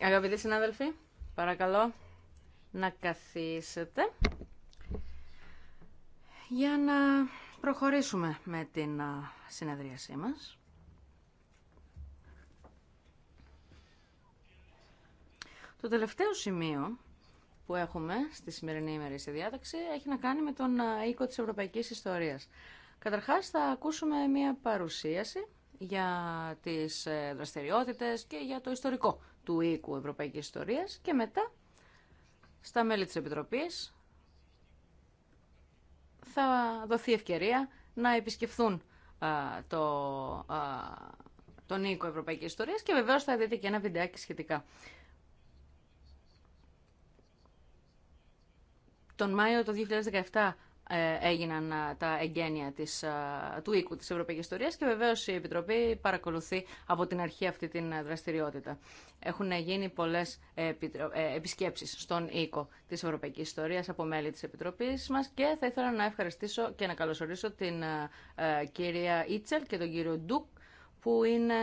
Αγαπητοί συνάδελφοι, παρακαλώ να καθίσετε για να προχωρήσουμε με την συνεδρίασή μας. Το τελευταίο σημείο που έχουμε στη σημερινή ημερήσια διάταξη έχει να κάνει με τον οίκο της Ευρωπαϊκής Ιστορίας. Καταρχάς θα ακούσουμε μία παρουσίαση για τις ε, δραστηριότητες και για το ιστορικό του οίκου Ευρωπαϊκής Ιστορίας και μετά στα μέλη της Επιτροπής θα δοθεί ευκαιρία να επισκεφθούν το, τον οίκο Ευρωπαϊκής Ιστορίας και βεβαίως θα δείτε και ένα βιντεάκι σχετικά. Τον Μάιο του 2017 ε, έγιναν ε, τα εγγένεια της, ε, του οίκου της Ευρωπαϊκής Ιστορίας και βεβαίως η Επιτροπή παρακολουθεί από την αρχή αυτή την δραστηριότητα. Έχουν γίνει πολλές επισκέψεις στον οίκο της Ευρωπαϊκής Ιστορίας από μέλη της Επιτροπής μας και θα ήθελα να ευχαριστήσω και να καλωσορίσω την κυρία Ιτσελ και τον κύριο Ντουκ που είναι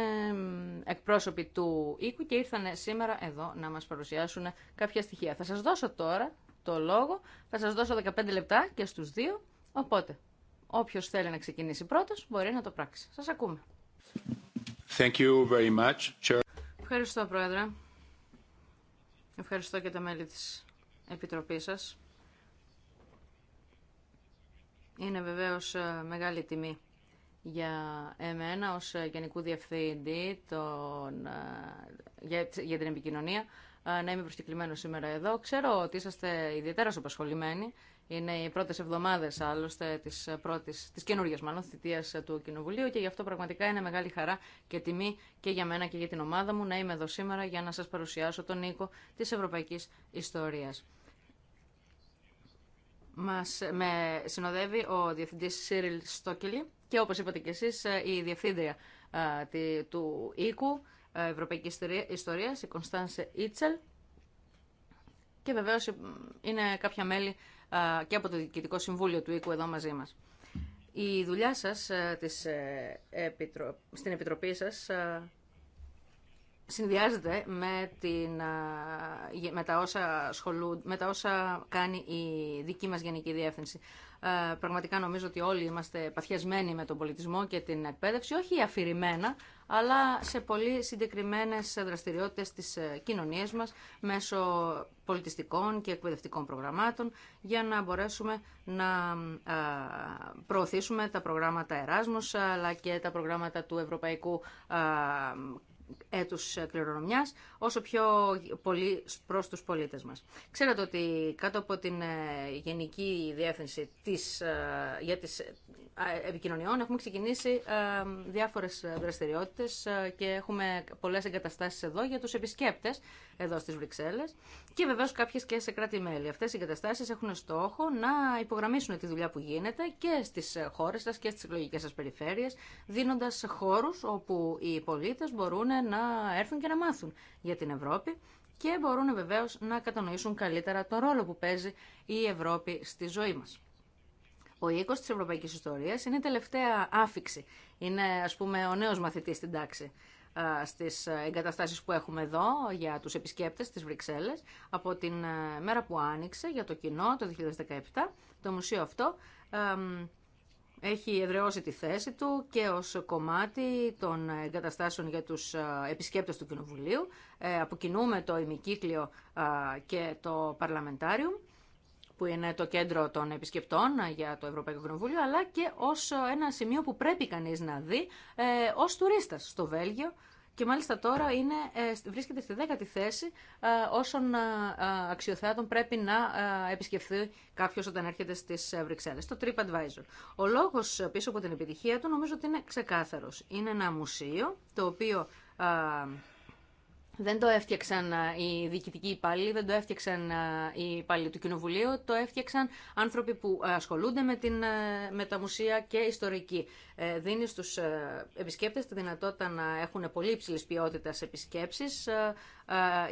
εκπρόσωποι του οίκου και ήρθαν σήμερα εδώ να μας παρουσιάσουν κάποια στοιχεία. Θα σας δώσω τώρα το λόγο. Θα σας δώσω 15 λεπτά και στους δύο. Οπότε, όποιος θέλει να ξεκινήσει πρώτος μπορεί να το πράξει. Σας ακούμε. Thank you very much. Ευχαριστώ, Πρόεδρε. Ευχαριστώ και τα μέλη της Επιτροπής σας. Είναι βεβαίως ε, μεγάλη τιμή για εμένα ως ε, Γενικού Διευθυντή ε, για, για την επικοινωνία να είμαι προσκεκλημένο σήμερα εδώ. Ξέρω ότι είσαστε ιδιαίτερα απασχολημένοι. Είναι οι πρώτε εβδομάδε άλλωστε τη καινούργια μάλλον θητεία του Κοινοβουλίου και γι' αυτό πραγματικά είναι μεγάλη χαρά και τιμή και για μένα και για την ομάδα μου να είμαι εδώ σήμερα για να σα παρουσιάσω τον οίκο τη Ευρωπαϊκή Ιστορία. Μα με συνοδεύει ο διευθυντή Σίριλ Στόκελη και όπω είπατε και εσεί, η Διευθύντρια του οίκου Ευρωπαϊκή ιστορία, η Κωνστάνσε Ιτσελ. Και βεβαίω ε, είναι κάποια μέλη και από το Διοικητικό Συμβούλιο του Οίκου εδώ μαζί μα. Η δουλειά σα ε, ε, στην Επιτροπή σα συνδυάζεται με, τα όσα με τα όσα κάνει η δική μας Γενική Διεύθυνση. Ε, πραγματικά νομίζω ότι όλοι είμαστε παθιασμένοι με τον πολιτισμό και την εκπαίδευση, όχι αφηρημένα, αλλά σε πολύ συγκεκριμένε δραστηριότητες της ε, κοινωνία μας μέσω πολιτιστικών και εκπαιδευτικών προγραμμάτων για να μπορέσουμε να ε, προωθήσουμε τα προγράμματα Εράσμους αλλά και τα προγράμματα του Ευρωπαϊκού έτους ε, κληρονομιά, όσο πιο πολύ προς τους πολίτες μας. Ξέρετε ότι κάτω από την ε, Γενική Διεύθυνση της, ε, για τις Επικοινωνιών έχουμε ξεκινήσει διάφορε δραστηριότητε και έχουμε πολλέ εγκαταστάσει εδώ για του επισκέπτε, εδώ στι Βρυξέλλες και βεβαίω κάποιε και σε κράτη-μέλη. Αυτέ οι εγκαταστάσεις έχουν στόχο να υπογραμμίσουν τη δουλειά που γίνεται και στι χώρε σα και στι εκλογικέ σα περιφέρειες, δίνοντα χώρου όπου οι πολίτε μπορούν να έρθουν και να μάθουν για την Ευρώπη και μπορούν βεβαίως να κατανοήσουν καλύτερα τον ρόλο που παίζει η Ευρώπη στη ζωή μας. Ο οίκο της Ευρωπαϊκής Ιστορίας είναι η τελευταία άφηξη. Είναι ας πούμε ο νέος μαθητής στην τάξη στις εγκαταστάσεις που έχουμε εδώ για τους επισκέπτες της Βρυξέλλες από την ε, μέρα που άνοιξε για το κοινό το 2017 το μουσείο αυτό έχει εδραιώσει τη θέση του και ως κομμάτι των εγκαταστάσεων για τους επισκέπτες του Κοινοβουλίου. Ε, αποκινούμε το ημικύκλιο και το Παρλαμεντάριο που είναι το κέντρο των επισκεπτών για το Ευρωπαϊκό Κοινοβούλιο, αλλά και ως ένα σημείο που πρέπει κανείς να δει ε, ως τουρίστας στο Βέλγιο, και μάλιστα τώρα είναι, ε, βρίσκεται στη δέκατη θέση ε, όσων ε, αξιοθέατων πρέπει να επισκεφθεί κάποιο όταν έρχεται στι Βρυξέλλε, το TripAdvisor. Ο λόγο πίσω από την επιτυχία του νομίζω ότι είναι ξεκάθαρο. Είναι ένα μουσείο το οποίο δεν το έφτιαξαν οι διοικητικοί υπάλληλοι, δεν το έφτιαξαν οι υπάλληλοι του Κοινοβουλίου, το έφτιαξαν άνθρωποι που ε, ασχολούνται με, την, ε, με τα μουσεία και ιστορικοί. Ε, δίνει στους επισκέπτες τη δυνατότητα να έχουν πολύ υψηλή ποιότητα επισκέψεις.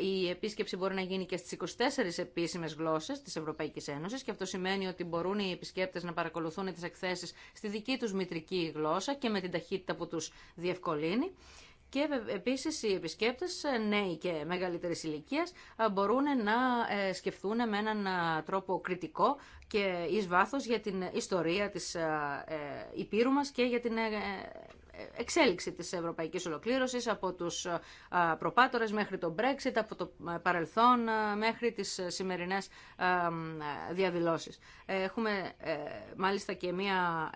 Η επίσκεψη μπορεί να γίνει και στις 24 επίσημες γλώσσες της Ευρωπαϊκής Ένωσης και αυτό σημαίνει ότι μπορούν οι επισκέπτες να παρακολουθούν τις εκθέσεις στη δική τους μητρική γλώσσα και με την ταχύτητα που τους διευκολύνει και επίση οι επισκέπτες ε, νέοι και μεγαλύτερης ηλικίας ε, μπορούν να ε, σκεφτούν με έναν τρόπο κριτικό και ει βάθος για την ιστορία της Υπήρου μα και για την εξέλιξη της ευρωπαϊκής ολοκλήρωσης από τους ε, προπάτορες μέχρι το Brexit, από το ε, παρελθόν ε, μέχρι τις σημερινές διαδηλώσεις. Έχουμε μάλιστα και μια,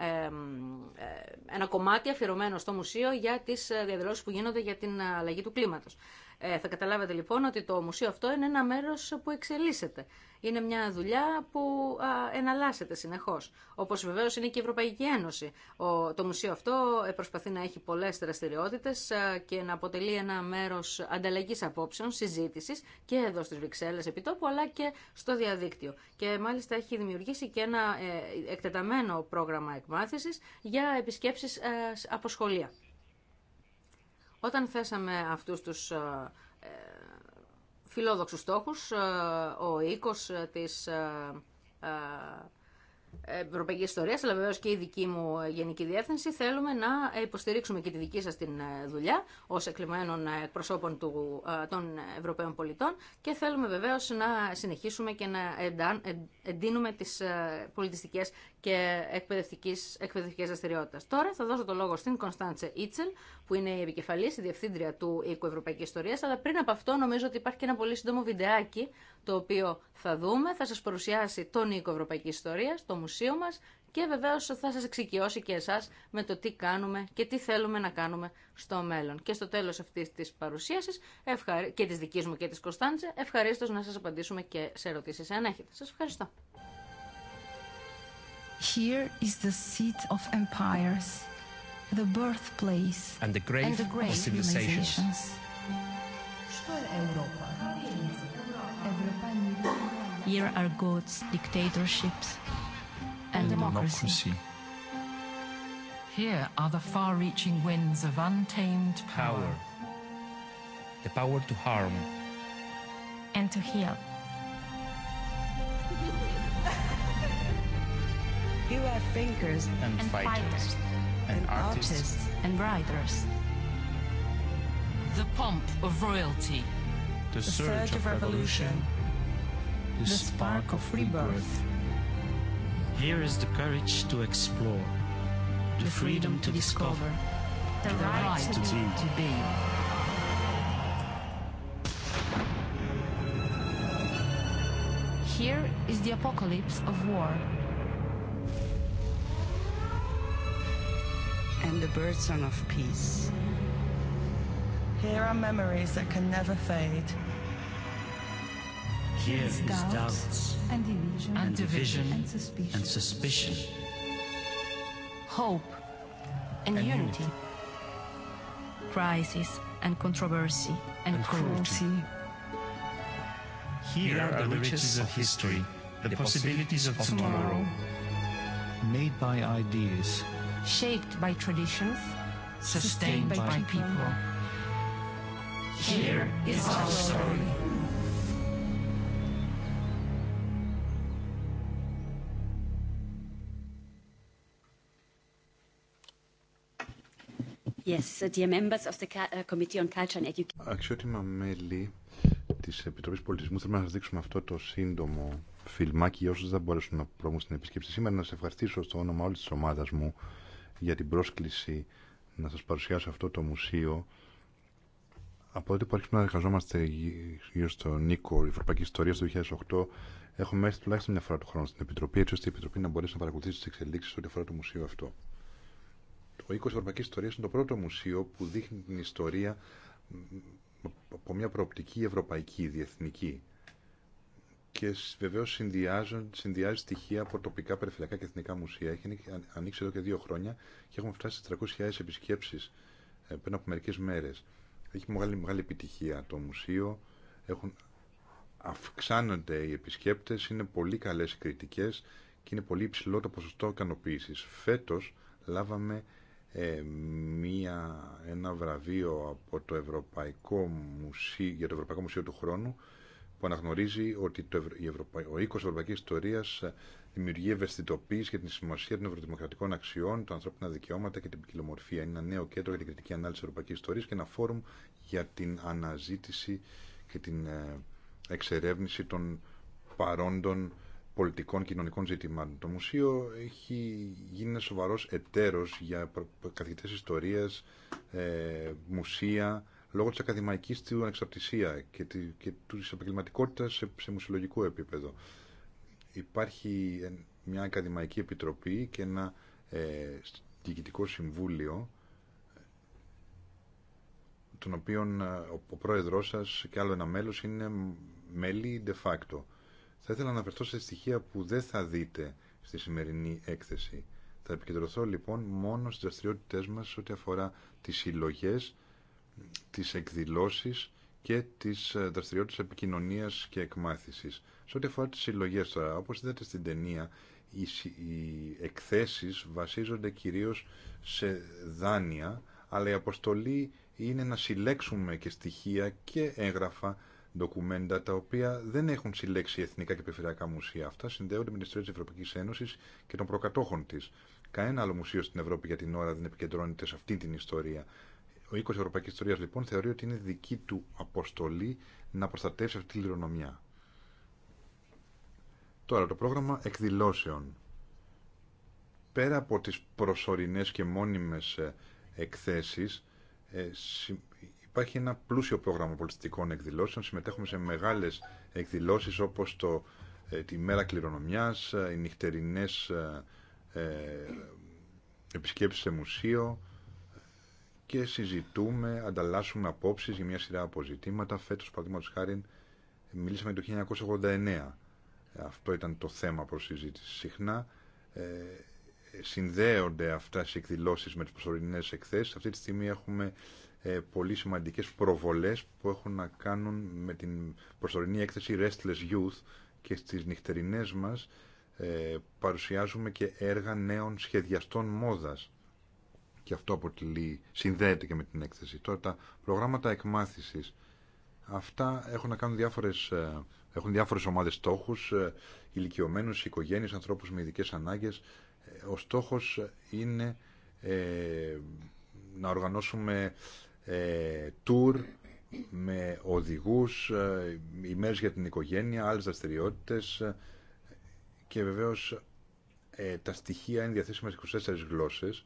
ένα κομμάτι αφιερωμένο στο μουσείο για τις διαδηλώσεις που γίνονται για την αλλαγή του κλίματος. Ε, θα καταλάβετε λοιπόν ότι το μουσείο αυτό είναι ένα μέρος που εξελίσσεται. Είναι μια δουλειά που α, εναλλάσσεται συνεχώς. Όπως βεβαίως είναι και η Ευρωπαϊκή Ένωση. το μουσείο αυτό ε, προσπαθεί να έχει πολλές δραστηριότητε ε, και να αποτελεί ένα μέρος ανταλλαγή απόψεων, συζήτησης και εδώ στις Βρυξέλλες επιτόπου αλλά και στο διαδίκτυο. Και μάλιστα έχει δημιουργήσει και ένα ε, εκτεταμένο πρόγραμμα εκμάθησης για επισκέψεις ε, από σχολεία. Όταν θέσαμε αυτούς τους ε, ε, φιλόδοξους στόχους, ε, ο οίκος της ευρωπαϊκής ιστορίας, αλλά βεβαίως και η δική μου Γενική Διεύθυνση, θέλουμε να υποστηρίξουμε και τη δική σας την δουλειά ως εκλεγμένων προσώπων του, των Ευρωπαίων πολιτών και θέλουμε βεβαίως να συνεχίσουμε και να εντείνουμε τι πολιτιστικέ και εκπαιδευτική δραστηριότητα. Τώρα θα δώσω το λόγο στην Κωνσταντσε Ίτσελ, που είναι η επικεφαλή, η διευθύντρια του Οίκου Ευρωπαϊκής Ιστορίας, αλλά πριν από αυτό νομίζω ότι υπάρχει και ένα πολύ σύντομο βιντεάκι, το οποίο θα δούμε, θα σα παρουσιάσει τον Οίκο Ευρωπαϊκή Ιστορία, το μουσείο μα, και βεβαίω θα σα εξοικειώσει και εσά με το τι κάνουμε και τι θέλουμε να κάνουμε στο μέλλον. Και στο τέλος αυτής της παρουσίασης και τη δική μου και τη Κωνσταντσε, Ευχαριστώ να σα απαντήσουμε και σε ερωτήσει, αν έχετε. Σα ευχαριστώ. Here is the seat of empires, the birthplace and the grave, of civilizations. Here are gods, dictatorships, and, democracy. Here are the far reaching winds of untamed power. The power to harm and to heal. You are thinkers and, fighters, and, and artists, artists and writers. The pomp of royalty. The, the surge, of revolution. The, spark, spark of rebirth. Here is the courage to explore. The, freedom, to discover. The, the right, to, to To be. Here is the apocalypse of war. and the bird song of peace. Here are memories that can never fade. Here is doubts and division and, division and, suspicion. and suspicion. Hope and, and unity. Crisis and controversy and, and cruelty. cruelty. Here are the riches of history, the possibilities of tomorrow. Made by ideas shaped by traditions, sustained by people. Here is our story. Yes, uh, dear members of the uh, Committee on Culture and Education. Αξιότιμα μέλη τη Επιτροπή Πολιτισμού, θέλουμε να σα δείξουμε αυτό το σύντομο φιλμάκι για όσου δεν μπορέσουν να προβούν στην επισκέψη σήμερα. Να σε ευχαριστήσω στο όνομα όλη τη ομάδα μου για την πρόσκληση να σας παρουσιάσω αυτό το μουσείο. Από τότε που αρχίσαμε να εργαζόμαστε γύρω στο Νίκο, η Ευρωπαϊκή Ιστορία στο 2008, έχουμε έρθει τουλάχιστον μια φορά του χρόνου στην Επιτροπή, έτσι ώστε η Επιτροπή να μπορέσει να παρακολουθήσει τις εξελίξεις ό,τι αφορά το μουσείο αυτό. Το οίκο Ευρωπαϊκή Ιστορία είναι το πρώτο μουσείο που δείχνει την ιστορία από μια προοπτική ευρωπαϊκή, διεθνική και βεβαίω συνδυάζει στοιχεία από τοπικά, περιφερειακά και εθνικά μουσεία. Έχει ανοίξει εδώ και δύο χρόνια και έχουμε φτάσει στι 300.000 επισκέψει πριν από μερικέ μέρε. Έχει μεγάλη, μεγάλη επιτυχία το μουσείο. Έχουν, αυξάνονται οι επισκέπτε, είναι πολύ καλέ οι κριτικέ και είναι πολύ υψηλό το ποσοστό ικανοποίηση. Φέτο λάβαμε ε, μία, ένα βραβείο από το Ευρωπαϊκό Μουσείο, για το Ευρωπαϊκό Μουσείο του Χρόνου που αναγνωρίζει ότι το, η ο οίκο Ευρωπαϊκή ιστορίας ε, δημιουργεί ευαισθητοποίηση για την σημασία των ευρωδημοκρατικών αξιών, τα ανθρώπινων δικαιώματα και την ποικιλομορφία. Είναι ένα νέο κέντρο για την κριτική ανάλυση ευρωπαϊκή ιστορία και ένα φόρουμ για την αναζήτηση και την ε, εξερεύνηση των παρόντων πολιτικών και κοινωνικών ζητημάτων. Το μουσείο έχει γίνει ένα σοβαρό εταίρο για καθηγητέ ιστορία, ε, μουσεία, λόγω της ακαδημαϊκής του ανεξαρτησία και, τη, και της επαγγελματικότητας σε, σε μουσιολογικό επίπεδο. Υπάρχει μια ακαδημαϊκή επιτροπή και ένα ε, διοικητικό συμβούλιο τον οποίο ε, ο πρόεδρός σας και άλλο ένα μέλος είναι μέλη de facto. Θα ήθελα να αναφερθώ σε στοιχεία που δεν θα δείτε στη σημερινή έκθεση. Θα επικεντρωθώ λοιπόν μόνο στις δραστηριότητε μας ό,τι αφορά τις συλλογές τις εκδηλώσεις και τις ε, δραστηριότητες επικοινωνίας και εκμάθησης. Σε ό,τι αφορά τις συλλογές τώρα, όπως είδατε στην ταινία, οι εκθέσεις βασίζονται κυρίως σε δάνεια, αλλά η αποστολή είναι να συλλέξουμε και στοιχεία και έγγραφα, ντοκουμέντα, τα οποία δεν έχουν συλλέξει εθνικά και περιφερειακά μουσεία. Αυτά συνδέονται με την ιστορία της Ευρωπαϊκής Ένωσης και των προκατόχων της. Κανένα άλλο μουσείο στην Ευρώπη για την ώρα δεν επικεντρώνεται σε αυτή την ιστορία. Ο οίκο Ευρωπαϊκή Ιστορία λοιπόν θεωρεί ότι είναι δική του αποστολή να προστατεύσει αυτή τη κληρονομιά. Τώρα το πρόγραμμα εκδηλώσεων. Πέρα από τις προσωρινές και μόνιμες ε, εκθέσεις, ε, υπάρχει ένα πλούσιο πρόγραμμα πολιτιστικών εκδηλώσεων. Συμμετέχουμε σε μεγάλες εκδηλώσεις όπως το, ε, τη Μέρα Κληρονομιάς, οι νυχτερινές επισκέψεις σε μουσείο, και συζητούμε, ανταλλάσσουμε απόψεις για μια σειρά αποζητήματα. Φέτος, παραδείγματο χάρη, μιλήσαμε το 1989. Αυτό ήταν το θέμα προς συζήτηση. Συχνά ε, συνδέονται αυτέ οι εκδηλώσεις με τις προσωρινέ εκθέσεις. Αυτή τη στιγμή έχουμε ε, πολύ σημαντικέ προβολές που έχουν να κάνουν με την προσωρινή έκθεση Restless Youth και στι νυχτερινές μας ε, παρουσιάζουμε και έργα νέων σχεδιαστών μόδας και αυτό αποτελεί, συνδέεται και με την έκθεση. Τώρα τα προγράμματα εκμάθησης, αυτά έχουν να κάνουν διάφορες, ε, έχουν διάφορες ομάδες στόχους, ε, ηλικιωμένους, οικογένειες, ανθρώπους με ειδικές ανάγκες. Ε, ο στόχος είναι ε, να οργανώσουμε ε, tour με οδηγούς, ε, ημέρες για την οικογένεια, άλλες δραστηριότητε και βεβαίως τα στοιχεία είναι διαθέσιμα σε 24 γλώσσες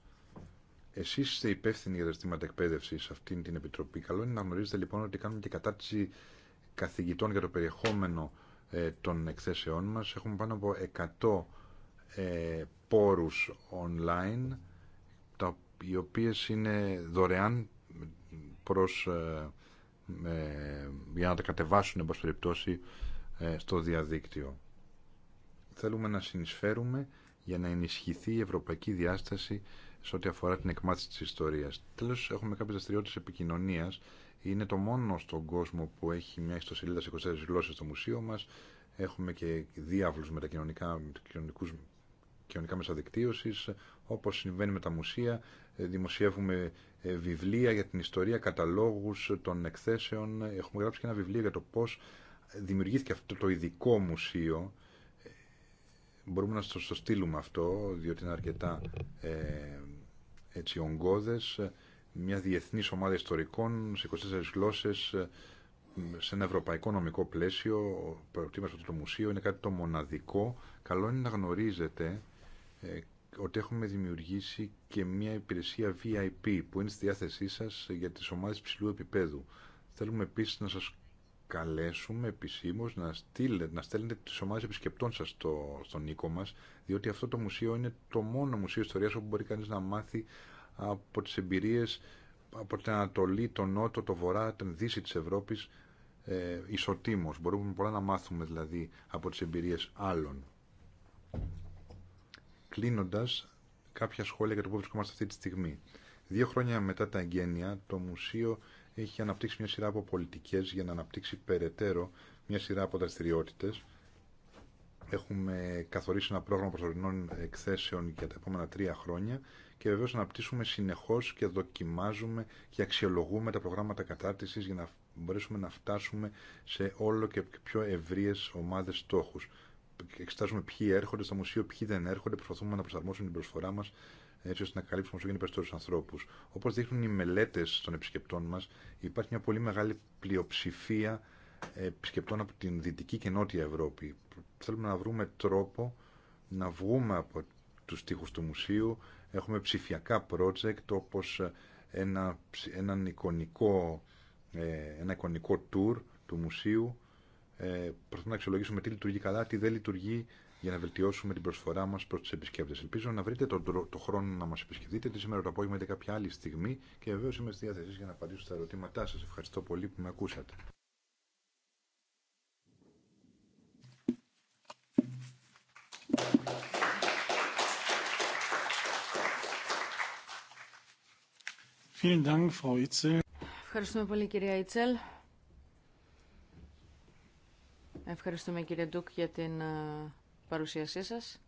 Εσεί είστε υπεύθυνοι για τα ζητήματα εκπαίδευση σε αυτήν την επιτροπή. Καλό είναι να γνωρίζετε λοιπόν ότι κάνουμε και κατάρτιση καθηγητών για το περιεχόμενο ε, των εκθέσεών μα. Έχουμε πάνω από 100 ε, πόρου online, τα, οι οποίε είναι δωρεάν προς, ε, ε, για να τα κατεβάσουν, εν περιπτώσει, στο διαδίκτυο. Θέλουμε να συνεισφέρουμε για να ενισχυθεί η ευρωπαϊκή διάσταση σε ό,τι αφορά την εκμάθηση της ιστορίας. Τέλος, έχουμε κάποιες δραστηριότητε επικοινωνίας. Είναι το μόνο στον κόσμο που έχει μια ιστοσελίδα σε 24 γλώσσες στο μουσείο μας. Έχουμε και διάβλους με τα κοινωνικά, κοινωνικούς, κοινωνικά μέσα δικτύωσης. Όπως συμβαίνει με τα μουσεία, ε, δημοσιεύουμε ε, βιβλία για την ιστορία, καταλόγους των εκθέσεων. Έχουμε γράψει και ένα βιβλίο για το πώς δημιουργήθηκε αυτό το ειδικό μουσείο ε, μπορούμε να στο, στο στείλουμε αυτό, διότι είναι αρκετά έτσι ογκώδες, μια διεθνής ομάδα ιστορικών σε 24 γλώσσες, σε ένα ευρωπαϊκό νομικό πλαίσιο, προτίμας αυτό το μουσείο, είναι κάτι το μοναδικό. Καλό είναι να γνωρίζετε ε, ότι έχουμε δημιουργήσει και μια υπηρεσία VIP που είναι στη διάθεσή σας για τις ομάδες ψηλού επίπεδου. Θέλουμε επίσης να σας καλέσουμε επισήμω να, να στέλνετε τι ομάδε επισκεπτών σα στο, στον οίκο μα, διότι αυτό το μουσείο είναι το μόνο μουσείο ιστορίας όπου μπορεί κανεί να μάθει από τι εμπειρίε από την Ανατολή, τον Νότο, το Βορρά, την Δύση τη Ευρώπη ε, Μπορούμε πολλά να μάθουμε δηλαδή από τις εμπειρίε άλλων. Κλείνοντας, κάποια σχόλια για το που βρισκόμαστε αυτή τη στιγμή. Δύο χρόνια μετά τα εγγένεια, το μουσείο έχει αναπτύξει μια σειρά από πολιτικές για να αναπτύξει περαιτέρω μια σειρά από δραστηριότητε. Έχουμε καθορίσει ένα πρόγραμμα προσωρινών εκθέσεων για τα επόμενα τρία χρόνια και βεβαίω αναπτύσσουμε συνεχώ και δοκιμάζουμε και αξιολογούμε τα προγράμματα κατάρτιση για να μπορέσουμε να φτάσουμε σε όλο και πιο ευρείε ομάδε στόχου. Εξετάζουμε ποιοι έρχονται στο μουσείο, ποιοι δεν έρχονται, προσπαθούμε να προσαρμόσουμε την προσφορά μα έτσι ώστε να καλύψουμε όσο γίνεται περισσότερου ανθρώπου. Όπω δείχνουν οι μελέτε των επισκεπτών μα, υπάρχει μια πολύ μεγάλη πλειοψηφία ε, επισκεπτών από την Δυτική και Νότια Ευρώπη. Θέλουμε να βρούμε τρόπο να βγούμε από τους τοίχου του μουσείου. Έχουμε ψηφιακά project όπω ε, ένα, εικονικό, ε, ένα εικονικό tour του μουσείου. Προσπαθούμε να αξιολογήσουμε τι λειτουργεί καλά, τι δεν λειτουργεί για να βελτιώσουμε την προσφορά μα προ του επισκέπτε. Ελπίζω να βρείτε τον το χρόνο να μα επισκεφτείτε τη σήμερα το απόγευμα ή κάποια άλλη στιγμή και βεβαίω είμαι στη διάθεσή για να απαντήσω στα ερωτήματά σα. Ευχαριστώ πολύ που με ακούσατε. Ευχαριστούμε πολύ κυρία Ιτσέλ. Ευχαριστούμε κύριε Ντούκ για την ε, παρουσίασή σας.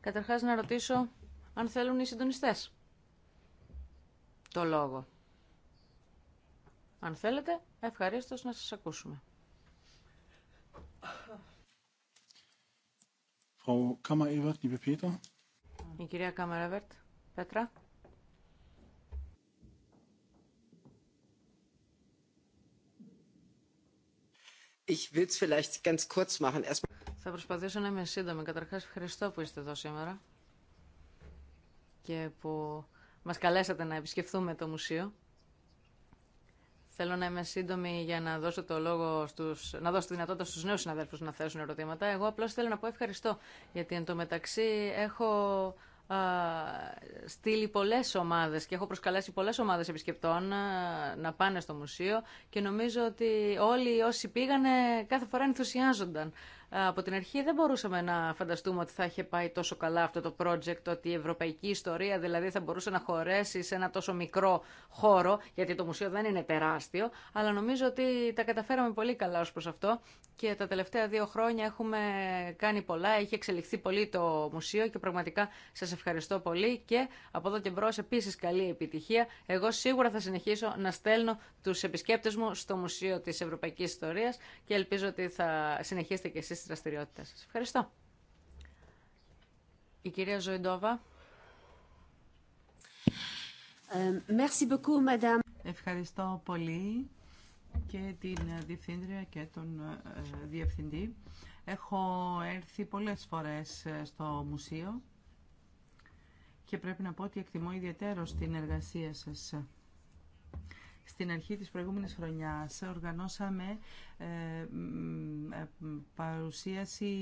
Καταρχάς να ρωτήσω αν θέλουν οι συντονιστές το λόγο. Αν θέλετε, ευχαρίστως να σας ακούσουμε. Η κυρία Κάμεραβερτ, Πέτρα. Θα προσπαθήσω να είμαι σύντομη. Καταρχάς, ευχαριστώ που είστε εδώ σήμερα και που μας καλέσατε να επισκεφθούμε το μουσείο. Θέλω να είμαι σύντομη για να δώσω το λόγο στους, να δώσω τη δυνατότητα στους νέους συναδέλφους να θέσουν ερωτήματα. Εγώ απλώς θέλω να πω ευχαριστώ, γιατί εν τω μεταξύ έχω στείλει πολλές ομάδες και έχω προσκαλέσει πολλές ομάδες επισκεπτών να πάνε στο μουσείο και νομίζω ότι όλοι όσοι πήγανε κάθε φορά ενθουσιάζονταν από την αρχή δεν μπορούσαμε να φανταστούμε ότι θα είχε πάει τόσο καλά αυτό το project, ότι η ευρωπαϊκή ιστορία δηλαδή θα μπορούσε να χωρέσει σε ένα τόσο μικρό χώρο, γιατί το μουσείο δεν είναι τεράστιο, αλλά νομίζω ότι τα καταφέραμε πολύ καλά ως προς αυτό και τα τελευταία δύο χρόνια έχουμε κάνει πολλά, έχει εξελιχθεί πολύ το μουσείο και πραγματικά σας ευχαριστώ πολύ και από εδώ και μπρος επίσης καλή επιτυχία. Εγώ σίγουρα θα συνεχίσω να στέλνω τους επισκέπτες μου στο Μουσείο της Ευρωπαϊκής Ιστορίας και ελπίζω ότι θα συνεχίσετε και εσείς Τη δραστηριότητα σα. Ευχαριστώ. Η κυρία Ζωηντόβα. Ε, Ευχαριστώ πολύ και την Διευθύντρια και τον ε, Διευθυντή. Έχω έρθει πολλές φορές ε, στο μουσείο και πρέπει να πω ότι εκτιμώ ιδιαίτερο την εργασία σας. Στην αρχή της προηγούμενης χρονιάς οργανώσαμε ε, ε, παρουσίαση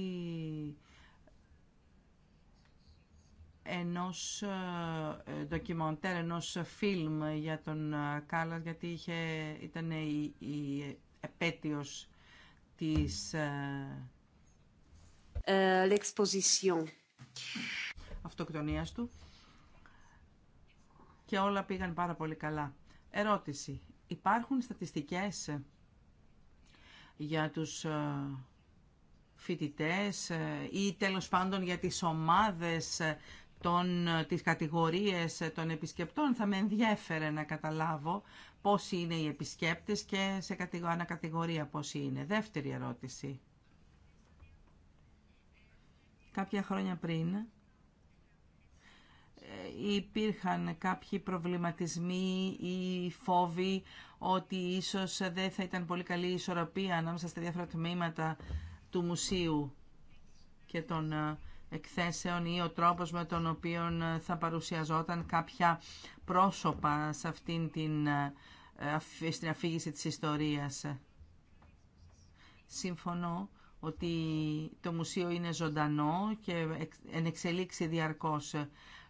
ενός ε, ντοκιμαντέρ, ενός φιλμ για τον Κάλλας, γιατί είχε, ήταν η, η επέτειος της... Αυτοκτονίας του. Και όλα πήγαν πάρα πολύ καλά. Ερώτηση. Υπάρχουν στατιστικές για τους ε, φοιτητές ε, ή τέλος πάντων για τις ομάδες ε, των, τις κατηγορίες των επισκεπτών. Θα με ενδιέφερε να καταλάβω πώς είναι οι επισκέπτες και σε ανακατηγορία πώς είναι. Δεύτερη ερώτηση. Κάποια χρόνια πριν ε, υπήρχαν κάποιοι προβληματισμοί ή φόβοι ότι ίσως δεν θα ήταν πολύ καλή η ισορροπία ανάμεσα στα διάφορα τμήματα του μουσείου και των ε, εκθέσεων ή ο τρόπος με τον οποίο ε, θα παρουσιαζόταν κάποια πρόσωπα σε αυτήν την στην αφήγηση της ιστορίας. Συμφωνώ ότι το μουσείο είναι ζωντανό και ενεξελίξει διαρκώς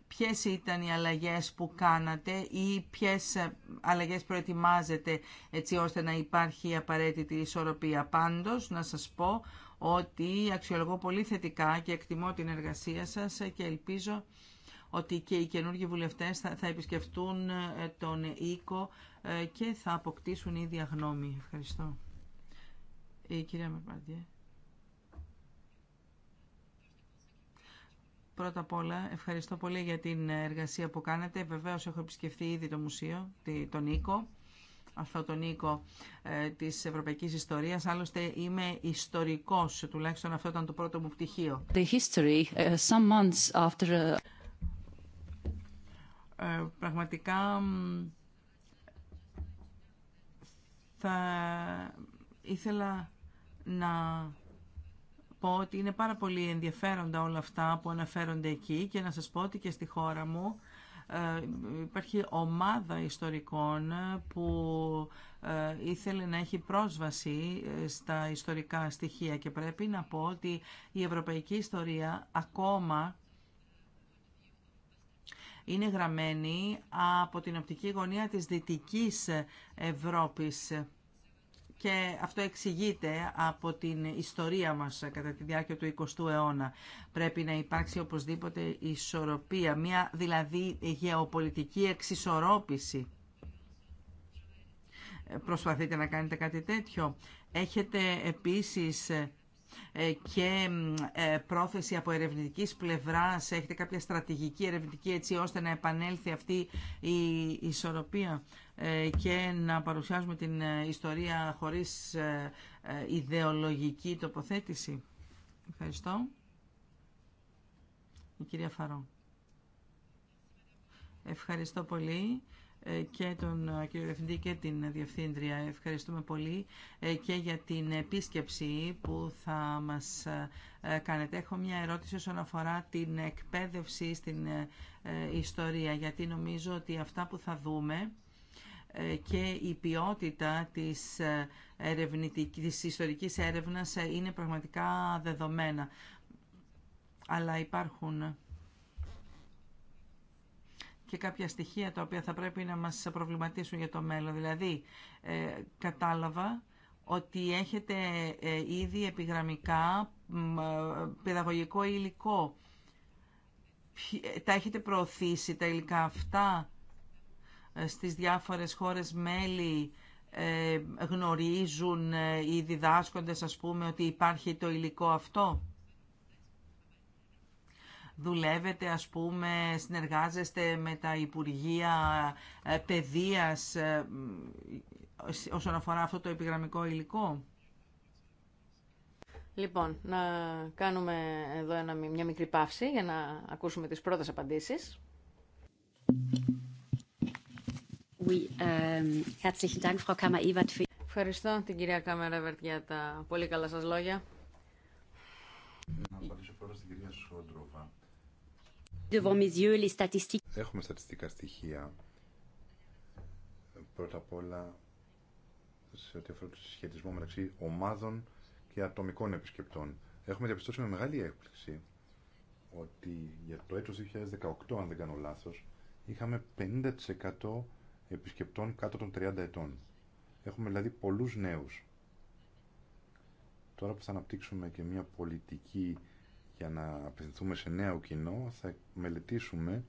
ποιες ήταν οι αλλαγές που κάνατε ή ποιες αλλαγές προετοιμάζετε έτσι ώστε να υπάρχει απαραίτητη ισορροπία. Πάντως, να σας πω ότι αξιολογώ πολύ θετικά και εκτιμώ την εργασία σας και ελπίζω ότι και οι καινούργιοι βουλευτές θα, θα επισκεφτούν ε, τον οίκο ε, και θα αποκτήσουν ίδια γνώμη. Ευχαριστώ. Η ε, κυρία Πρώτα απ' όλα, ευχαριστώ πολύ για την εργασία που κάνετε. Βεβαίως έχω επισκεφθεί ήδη το μουσείο, τον Νίκο, αυτό τον Νίκο ε, της Ευρωπαϊκής Ιστορίας. Άλλωστε είμαι ιστορικός, τουλάχιστον αυτό ήταν το πρώτο μου πτυχίο. The history, uh, some months after... Uh, ε, πραγματικά θα ήθελα να ότι είναι πάρα πολύ ενδιαφέροντα όλα αυτά που αναφέρονται εκεί και να σας πω ότι και στη χώρα μου ε, υπάρχει ομάδα ιστορικών που ε, ήθελε να έχει πρόσβαση ε, στα ιστορικά στοιχεία και πρέπει να πω ότι η ευρωπαϊκή ιστορία ακόμα είναι γραμμένη από την οπτική γωνία της Δυτικής Ευρώπης και αυτό εξηγείται από την ιστορία μας κατά τη διάρκεια του 20ου αιώνα. Πρέπει να υπάρξει οπωσδήποτε ισορροπία, μια δηλαδή γεωπολιτική εξισορρόπηση. Προσπαθείτε να κάνετε κάτι τέτοιο. Έχετε επίσης ε, και ε, πρόθεση από ερευνητική πλευρά. έχετε κάποια στρατηγική ερευνητική έτσι ώστε να επανέλθει αυτή η ισορροπία ε, και να παρουσιάζουμε την ιστορία χωρίς ιδεολογική τοποθέτηση. Ευχαριστώ. Η κυρία Φαρό. Ευχαριστώ πολύ. Ε, και τον ε, κύριο Διευθυντή και την Διευθύντρια. Ευχαριστούμε πολύ ε, και για την επίσκεψη που θα μας κάνετε. Έχω μια ερώτηση όσον αφορά την εκπαίδευση στην ιστορία, γιατί νομίζω ότι αυτά που θα δούμε και η ποιότητα της, της ιστορικής έρευνας είναι πραγματικά δεδομένα. Αλλά υπάρχουν και κάποια στοιχεία τα οποία θα πρέπει να μας προβληματίσουν για το μέλλον. Δηλαδή, ε, κατάλαβα ότι έχετε ε, ήδη επιγραμμικά ε, παιδαγωγικό υλικό. Τα έχετε προωθήσει τα υλικά αυτά στις διάφορες χώρες μέλη γνωρίζουν οι διδάσκοντες ας πούμε ότι υπάρχει το υλικό αυτό δουλεύετε, ας πούμε, συνεργάζεστε με τα Υπουργεία ε, Παιδείας ε, όσον αφορά αυτό το επιγραμμικό υλικό. Λοιπόν, να κάνουμε εδώ ένα, μια μικρή παύση για να ακούσουμε τις πρώτες απαντήσεις. Oui, euh, Dank, Frau Ευχαριστώ την κυρία Κάμερα για τα πολύ καλά σας λόγια. Να απαντήσω πρώτα στην κυρία Έχουμε στατιστικά στοιχεία. Πρώτα απ' όλα σε ό,τι αφορά το συσχετισμό μεταξύ ομάδων και ατομικών επισκεπτών. Έχουμε διαπιστώσει με μεγάλη έκπληξη ότι για το έτος 2018, αν δεν κάνω λάθος, είχαμε 50% επισκεπτών κάτω των 30 ετών. Έχουμε δηλαδή πολλούς νέους. Τώρα που θα αναπτύξουμε και μια πολιτική για να απευθυνθούμε σε νέο κοινό θα μελετήσουμε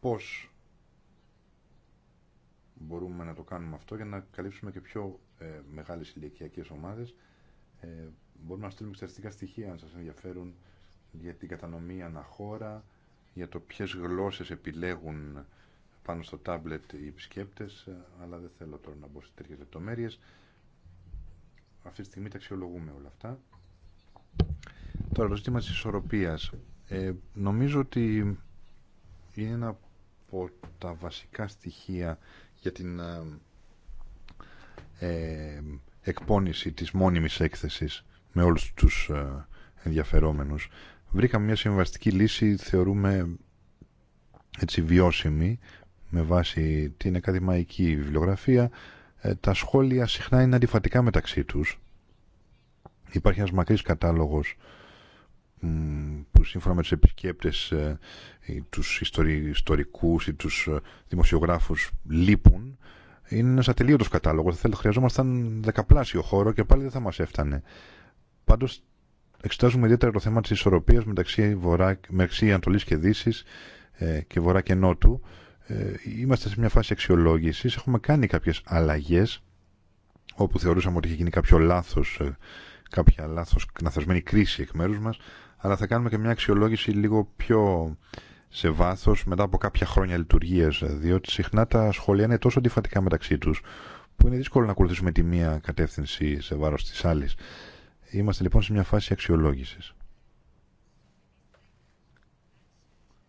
πώς μπορούμε να το κάνουμε αυτό για να καλύψουμε και πιο ε, μεγάλες ηλικιακές ομάδες. Ε, μπορούμε να στείλουμε εξαιρετικά στοιχεία αν σας ενδιαφέρουν για την κατανομή αναχώρα, για το ποιες γλώσσες επιλέγουν πάνω στο τάμπλετ οι επισκέπτες, ε, αλλά δεν θέλω τώρα να μπω σε τέτοιες λεπτομέρειες. Αυτή τη στιγμή τα αξιολογούμε όλα αυτά το ζήτημα της ισορροπίας. Ε, νομίζω ότι είναι ένα από τα βασικά στοιχεία για την ε, ε εκπόνηση της μόνιμης έκθεσης με όλους τους ε, ενδιαφερόμενους. Βρήκαμε μια συμβαστική λύση, θεωρούμε έτσι βιώσιμη, με βάση την ακαδημαϊκή βιβλιογραφία. Τα σχόλια συχνά είναι αντιφατικά μεταξύ τους. Υπάρχει ένας μακρύς κατάλογος που σύμφωνα με τους επισκέπτες ή ε, τους ιστορικούς ή τους ε, δημοσιογράφους λείπουν είναι ένας ατελείωτος κατάλογος θα χρειαζόμασταν δεκαπλάσιο χώρο και πάλι δεν θα μας έφτανε πάντως εξετάζουμε ιδιαίτερα το θέμα της ισορροπίας μεταξύ, βορά, μεταξύ Ανατολής και Δύσης ε, και Βορρά και Νότου είμαστε σε μια φάση αξιολόγησης έχουμε κάνει κάποιες αλλαγές όπου θεωρούσαμε ότι είχε γίνει κάποιο λάθος κάποια λάθος, καθασμένη κρίση εκ μέρους μας αλλά θα κάνουμε και μια αξιολόγηση λίγο πιο σε βάθος μετά από κάποια χρόνια λειτουργίας, διότι συχνά τα σχολεία είναι τόσο αντιφατικά μεταξύ τους, που είναι δύσκολο να ακολουθήσουμε τη μία κατεύθυνση σε βάρος της άλλης. Είμαστε λοιπόν σε μια φάση αξιολόγησης.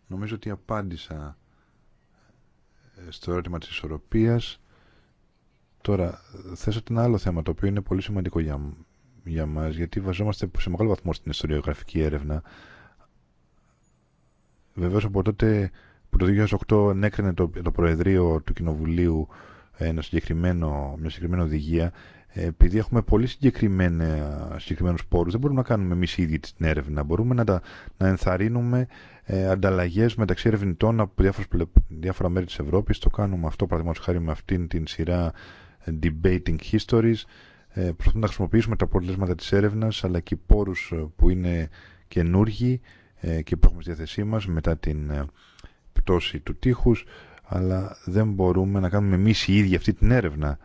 Νομίζω ότι απάντησα ε, στο ερώτημα της ισορροπίας. Τώρα, θέσατε ένα άλλο θέμα, το οποίο είναι πολύ σημαντικό για, για μας, γιατί βαζόμαστε σε μεγάλο βαθμό στην ιστοριογραφική έρευνα. Βεβαίω από τότε που το 2008 ενέκρινε το, το Προεδρείο του Κοινοβουλίου ε, ένα συγκεκριμένο, μια συγκεκριμένη οδηγία, ε, επειδή έχουμε πολύ συγκεκριμένου πόρου, δεν μπορούμε να κάνουμε εμεί ίδιοι την έρευνα. Μπορούμε να, τα, να ενθαρρύνουμε ε, ανταλλαγέ μεταξύ ερευνητών από διάφορα μέρη τη Ευρώπη. Το κάνουμε αυτό, παραδείγματο χάρη με αυτήν την σειρά ε, Debating Histories. Ε, προσπαθούμε να χρησιμοποιήσουμε τα αποτελέσματα της έρευνας αλλά και πόρους ε, που είναι καινούργοι ε, και που έχουμε στη διάθεσή μας μετά την πτώση του τείχους αλλά δεν μπορούμε να κάνουμε εμείς οι ίδιοι αυτή την έρευνα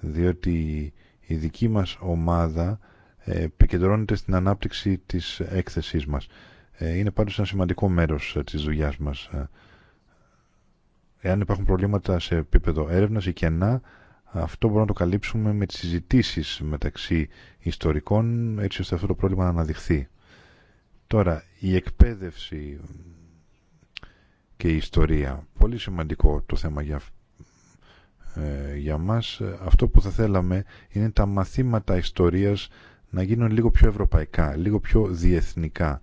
διότι η δική μας ομάδα επικεντρώνεται στην ανάπτυξη της έκθεσής μας. Είναι πάντως ένα σημαντικό μέρος της δουλειάς μας. Εάν υπάρχουν προβλήματα σε επίπεδο έρευνας ή κενά, αυτό μπορούμε να το καλύψουμε με τις συζητήσεις μεταξύ ιστορικών έτσι ώστε αυτό το πρόβλημα να αναδειχθεί. Τώρα, η εκπαίδευση και η ιστορία. Πολύ σημαντικό το θέμα για, ε, για μας. Αυτό που θα θέλαμε είναι τα μαθήματα ιστορίας να γίνουν λίγο πιο ευρωπαϊκά, λίγο πιο διεθνικά,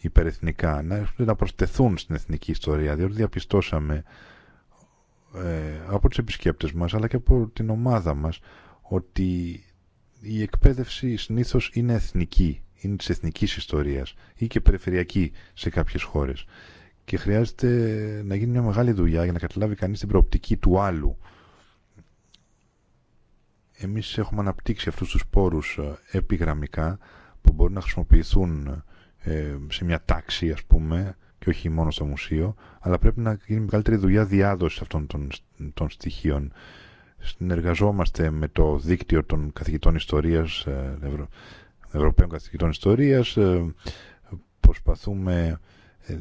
υπερεθνικά, να, να προσθεθούν στην εθνική ιστορία, διότι διαπιστώσαμε ε, από τους επισκέπτες μας αλλά και από την ομάδα μας ότι η εκπαίδευση συνήθως είναι εθνική, είναι της εθνικής ιστορίας ή και περιφερειακή σε κάποιες χώρες και χρειάζεται να γίνει μια μεγάλη δουλειά για να καταλάβει κανείς την προοπτική του άλλου. Εμείς έχουμε αναπτύξει αυτούς τους πόρους ε, επιγραμμικά που μπορούν να χρησιμοποιηθούν ε, σε μια τάξη ας πούμε και όχι μόνο στο μουσείο, αλλά πρέπει να γίνει μεγαλύτερη δουλειά διάδοση αυτών των, των στοιχείων. Συνεργαζόμαστε με το δίκτυο των καθηγητών ιστορίας, ε, Ευρω... Ευρωπαίων καθηγητών ιστορίας, ε, προσπαθούμε ε,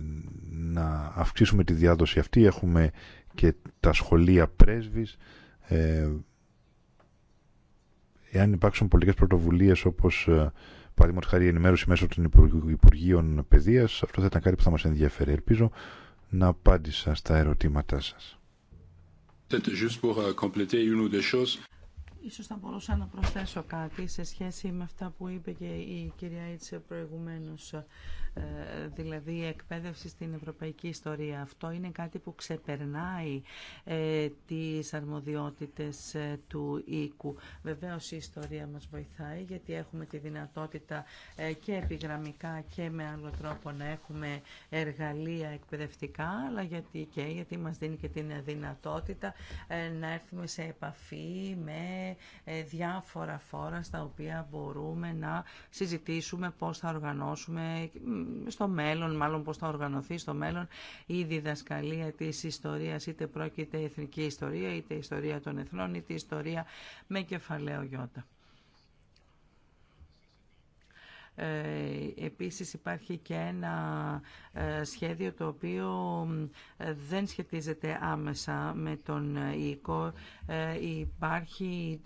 να αυξήσουμε τη διάδοση αυτή, έχουμε και τα σχολεία πρέσβης, εάν υπάρξουν πολιτικές πρωτοβουλίες όπως παραδείγματο χάρη ενημέρωση μέσω των Υπουργείων Παιδεία. Αυτό θα ήταν κάτι που θα μα ενδιαφέρει. Ελπίζω να απάντησα στα ερωτήματά σα. Euh, Ίσως θα μπορούσα να προσθέσω κάτι σε σχέση με αυτά που είπε και η κυρία Ίτσε προηγουμένως. Ε, δηλαδή εκπαίδευση στην ευρωπαϊκή ιστορία. Αυτό είναι κάτι που ξεπερνάει ε, τις αρμοδιότητες ε, του οίκου. Βεβαίως η ιστορία μας βοηθάει γιατί έχουμε τη δυνατότητα και επιγραμμικά και με άλλο τρόπο να έχουμε εργαλεία εκπαιδευτικά αλλά γιατί και γιατί μας δίνει και την δυνατότητα να έρθουμε σε επαφή με διάφορα φόρα στα οποία μπορούμε να συζητήσουμε πώς θα οργανώσουμε στο μέλλον, μάλλον πώς θα οργανωθεί στο μέλλον η διδασκαλία της ιστορίας, είτε πρόκειται εθνική ιστορία, είτε ιστορία των εθνών, είτε ιστορία με κεφαλαίο γιώτα. Ε, επίσης υπάρχει και ένα ε, σχέδιο το οποίο ε, δεν σχετίζεται άμεσα με τον οίκο. Υπάρχει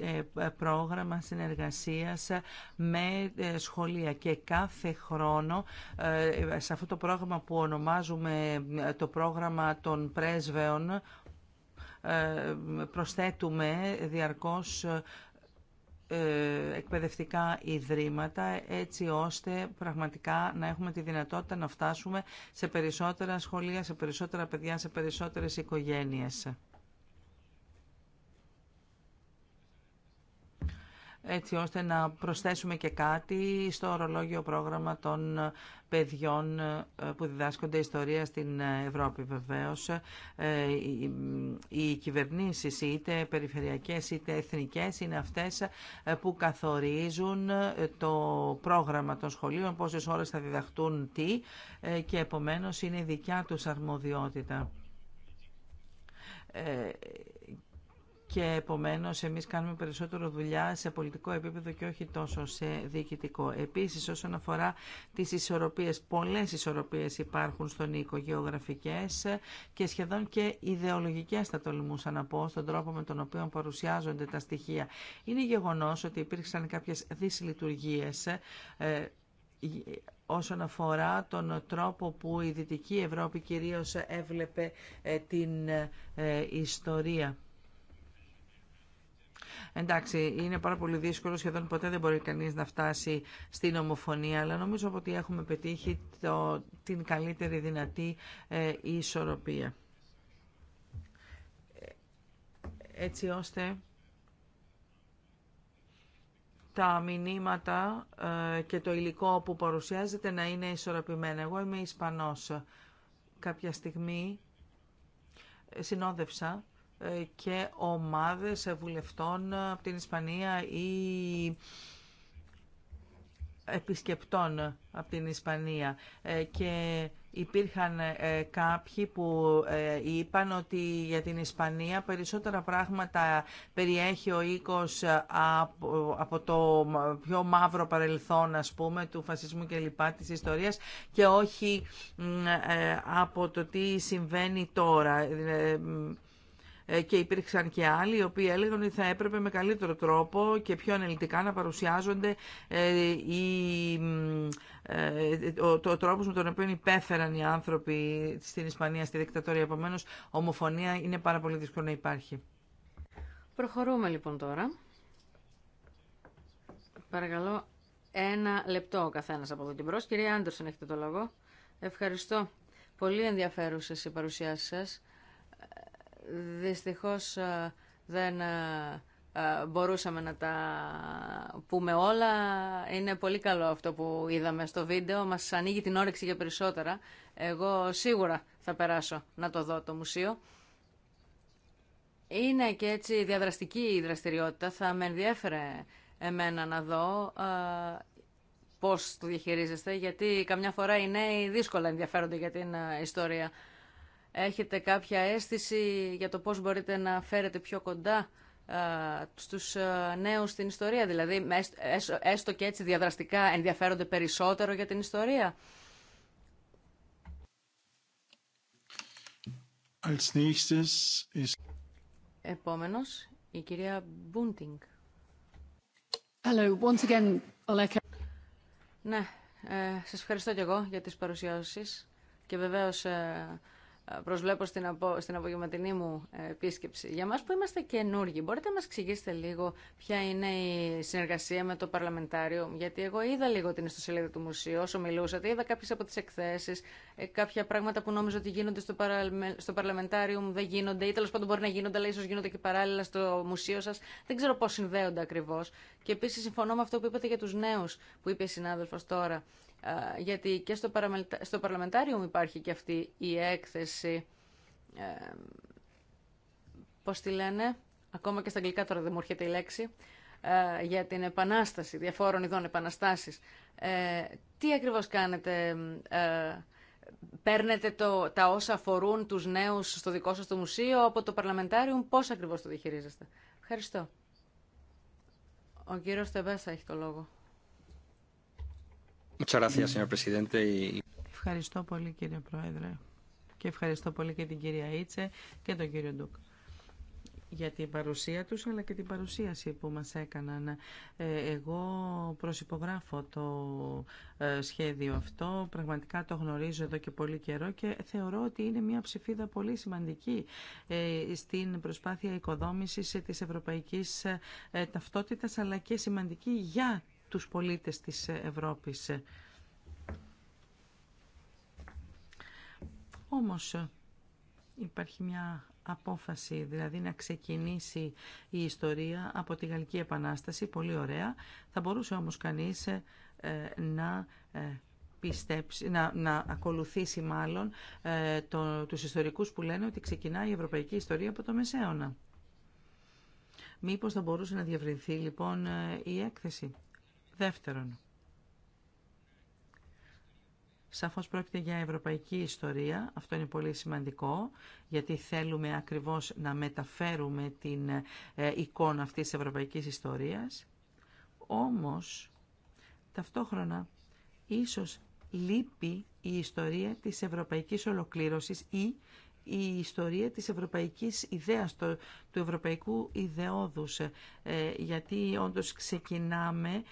πρόγραμμα συνεργασίας με σχολεία και κάθε χρόνο σε αυτό το πρόγραμμα που ονομάζουμε το πρόγραμμα των πρέσβεων προσθέτουμε διαρκώς ε, εκπαιδευτικά ιδρύματα έτσι ώστε πραγματικά να έχουμε τη δυνατότητα να φτάσουμε σε περισσότερα σχολεία, σε περισσότερα παιδιά, σε περισσότερες οικογένειες. έτσι ώστε να προσθέσουμε και κάτι στο ορολόγιο πρόγραμμα των παιδιών ε, που διδάσκονται ιστορία στην Ευρώπη. Βεβαίως, ε, οι κυβερνήσεις είτε περιφερειακές είτε εθνικές είναι αυτές ε, που καθορίζουν το πρόγραμμα των σχολείων, πόσες ώρες θα διδαχτούν τι και επομένως είναι δικιά τους αρμοδιότητα και επομένως εμείς κάνουμε περισσότερο δουλειά σε πολιτικό επίπεδο και όχι τόσο σε διοικητικό. Επίσης όσον αφορά τις ισορροπίες, πολλές ισορροπίες υπάρχουν στον οίκο γεωγραφικές και σχεδόν και ιδεολογικές θα τολμούσα να πω στον τρόπο με τον οποίο παρουσιάζονται τα στοιχεία. Είναι γεγονός ότι υπήρξαν κάποιες δυσλειτουργίες ε, όσον αφορά τον τρόπο που η Δυτική Ευρώπη κυρίως έβλεπε ε, την ε, ιστορία. Εντάξει, είναι πάρα πολύ δύσκολο, σχεδόν ποτέ δεν μπορεί κανείς να φτάσει στην ομοφωνία, αλλά νομίζω ότι έχουμε πετύχει το, την καλύτερη δυνατή ε, ισορροπία. Ε, έτσι ώστε τα μηνύματα ε, και το υλικό που παρουσιάζεται να είναι ισορροπημένα. Εγώ είμαι Ισπανός. Κάποια στιγμή ε, συνόδευσα ε, και ομάδες βουλευτών από την Ισπανία ή επισκεπτών από την Ισπανία ε, και υπήρχαν ε, κάποιοι που είπαν ότι για την Ισπανία περισσότερα πράγματα περιέχει ο οίκος από το πιο μαύρο παρελθόν ας πούμε του φασισμού και λοιπά της ιστορίας και όχι από το τι συμβαίνει τώρα ε, και υπήρξαν και άλλοι οι οποίοι έλεγαν ότι θα έπρεπε με καλύτερο τρόπο και πιο αναλυτικά να παρουσιάζονται ε, οι, ε, ο, το, ο τρόπος με τον οποίο υπέφεραν οι άνθρωποι στην Ισπανία στη δικτατορία. Επομένω, ομοφωνία είναι πάρα πολύ δύσκολο να υπάρχει. Προχωρούμε λοιπόν τώρα. Παρακαλώ ένα λεπτό ο καθένας από εδώ την προς. Κυρία Άντερσον έχετε το λόγο. Ευχαριστώ. Πολύ ενδιαφέρουσες οι παρουσιάσεις σας. Δυστυχώς ε, δεν ε, ε, μπορούσαμε να τα πούμε όλα. Είναι πολύ καλό αυτό που είδαμε στο βίντεο. Μας ανοίγει την όρεξη για περισσότερα. Εγώ σίγουρα θα περάσω να το δω το μουσείο. Είναι και έτσι διαδραστική η δραστηριότητα. Θα με ενδιέφερε εμένα να δω πώς το διαχειρίζεστε, γιατί καμιά φορά οι νέοι δύσκολα ενδιαφέρονται για την ιστορία Έχετε κάποια αίσθηση για το πώς μπορείτε να φέρετε πιο κοντά στους νέους στην ιστορία, δηλαδή έστω και έτσι διαδραστικά ενδιαφέρονται περισσότερο για την ιστορία. Als nächstes ist... Επόμενος, η κυρία Μπούντινγκ. Hello, once again, Oleka. Ναι, ε, σας ευχαριστώ και εγώ για τις παρουσιάσεις και βεβαίως ε, ε, προσβλέπω στην, απο, στην απογευματινή μου ε, επίσκεψη. Για μας που είμαστε καινούργοι, μπορείτε να μας εξηγήσετε λίγο ποια είναι η συνεργασία με το Παρλαμεντάριο, γιατί εγώ είδα λίγο την ιστοσελίδα του μουσείου όσο μιλούσατε, είδα κάποιες από τις εκθέσεις, ε, κάποια πράγματα που νόμιζα ότι γίνονται στο, παραλμε, στο Παρλαμεντάριο μου δεν γίνονται, ή τέλος πάντων μπορεί να γίνονται, αλλά ίσως γίνονται και παράλληλα στο μουσείο σας. Δεν ξέρω πώς συνδέονται ακριβώς. Και επίση συμφωνώ με αυτό που είπατε για του νέου που είπε η συνάδελφο τώρα γιατί και στο, παραμελτα... στο Παρλαμεντάριο υπάρχει και αυτή η έκθεση, ε, πώς τη λένε, ακόμα και στα αγγλικά τώρα δεν μου έρχεται η λέξη, ε, για την επανάσταση, διαφόρων ειδών επαναστάσεις. Ε, τι ακριβώς κάνετε, ε, παίρνετε το, τα όσα αφορούν τους νέους στο δικό σας το μουσείο από το Παρλαμεντάριο, πώς ακριβώς το διαχειρίζεστε. Ευχαριστώ. Ο κύριος Τεβέσα έχει το λόγο. Ευχαριστώ πολύ κύριε Πρόεδρε και ευχαριστώ πολύ και την κυρία Ίτσε και τον κύριο Ντούκ για την παρουσία τους αλλά και την παρουσίαση που μας έκαναν. Ε, εγώ προσυπογράφω το ε, σχέδιο αυτό, πραγματικά το γνωρίζω εδώ και πολύ καιρό και θεωρώ ότι είναι μια ψηφίδα πολύ σημαντική ε, στην προσπάθεια οικοδόμησης της ευρωπαϊκής ταυτότητας αλλά και σημαντική για τους πολίτες της Ευρώπης. Όμως υπάρχει μια απόφαση, δηλαδή να ξεκινήσει η ιστορία από τη Γαλλική Επανάσταση, πολύ ωραία. Θα μπορούσε όμως κανείς ε, να ε, πιστέψει, να, να ακολουθήσει μάλλον ε, το, τους ιστορικούς που λένε ότι ξεκινάει η ευρωπαϊκή ιστορία από το Μεσαίωνα. Μήπως θα μπορούσε να διευρυνθεί λοιπόν η έκθεση. Δεύτερον, Σαφώς πρόκειται για ευρωπαϊκή ιστορία, αυτό είναι πολύ σημαντικό, γιατί θέλουμε ακριβώς να μεταφέρουμε την ε, εικόνα αυτής της ευρωπαϊκής ιστορίας. Όμως, ταυτόχρονα, ίσως λείπει η ιστορία της ευρωπαϊκής ολοκλήρωσης ή η ιστορία της ευρωπαϊκής ιδέας, του ευρωπαϊκού ιδεόδους. Ε, γιατί όντως ξεκινάμε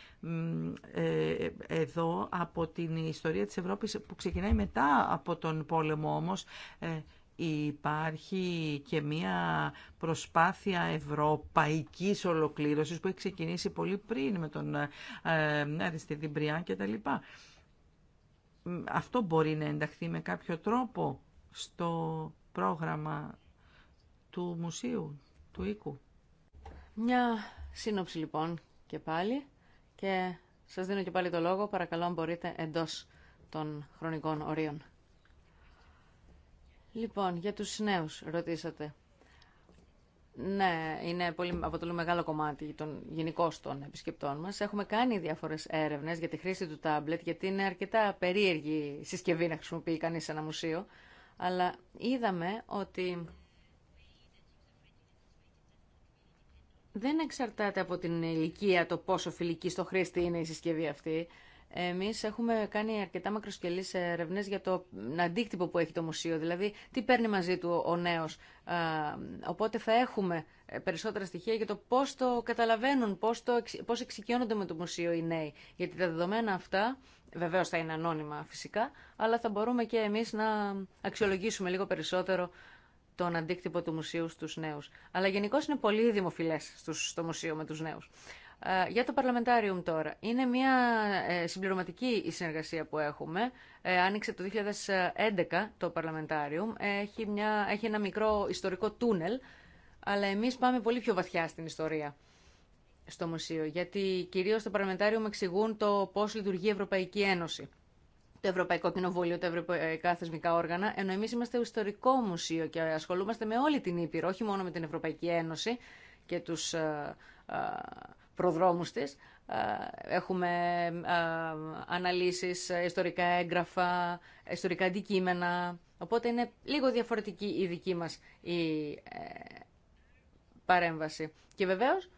ε, εδώ από την ιστορία της Ευρώπης που ξεκινάει μετά από τον πόλεμο όμως ε, υπάρχει και μια προσπάθεια ευρωπαϊκής ολοκλήρωσης που έχει ξεκινήσει πολύ πριν με τον Αριστιδη Μπριάν και τα λοιπά. Αυτό μπορεί να ενταχθεί με κάποιο τρόπο στο πρόγραμμα του μουσείου, του οίκου. Μια σύνοψη λοιπόν και πάλι και σας δίνω και πάλι το λόγο, παρακαλώ αν μπορείτε εντός των χρονικών ορίων. Λοιπόν, για τους νέους ρωτήσατε. Ναι, είναι πολύ, αποτελούν μεγάλο κομμάτι των γενικώ των επισκεπτών μας. Έχουμε κάνει διάφορες έρευνες για τη χρήση του τάμπλετ, γιατί είναι αρκετά περίεργη συσκευή να χρησιμοποιεί κανείς ένα μουσείο αλλά είδαμε ότι δεν εξαρτάται από την ηλικία το πόσο φιλική στο χρήστη είναι η συσκευή αυτή. Εμείς έχουμε κάνει αρκετά μακροσκελείς ερευνές για το αντίκτυπο που έχει το μουσείο, δηλαδή τι παίρνει μαζί του ο νέος. Οπότε θα έχουμε ε, περισσότερα στοιχεία για το πώς το καταλαβαίνουν, πώς, πώς εξοικειώνονται με το μουσείο οι νέοι. Γιατί τα δεδομένα αυτά, βεβαίως θα είναι ανώνυμα φυσικά, αλλά θα μπορούμε και εμείς να αξιολογήσουμε λίγο περισσότερο τον αντίκτυπο του μουσείου στους νέους. Αλλά γενικώ είναι πολύ δημοφιλές στο μουσείο με τους νέους. Ε, για το Παρλαμεντάριουμ τώρα. Είναι μια ε, συμπληρωματική η συνεργασία που έχουμε. Ε, άνοιξε το 2011 το Παρλαμεντάριουμ. Έχει, μια, έχει ένα μικρό ιστορικό τούνελ, αλλά εμείς πάμε πολύ πιο βαθιά στην ιστορία στο μουσείο, γιατί κυρίως το Παρλαμεντάριουμ εξηγούν το πώς λειτουργεί η Ευρωπαϊκή Ένωση το Ευρωπαϊκό Κοινοβούλιο, τα ευρωπαϊκά θεσμικά όργανα, ενώ εμεί είμαστε ιστορικό μουσείο και ασχολούμαστε με όλη την Ήπειρο, όχι μόνο με την Ευρωπαϊκή Ένωση και τους, προδρόμους της. Ε, έχουμε ε, αναλύσεις, ιστορικά έγγραφα, ιστορικά αντικείμενα. Οπότε είναι λίγο διαφορετική η δική μας η ε, παρέμβαση. Και βεβαίως,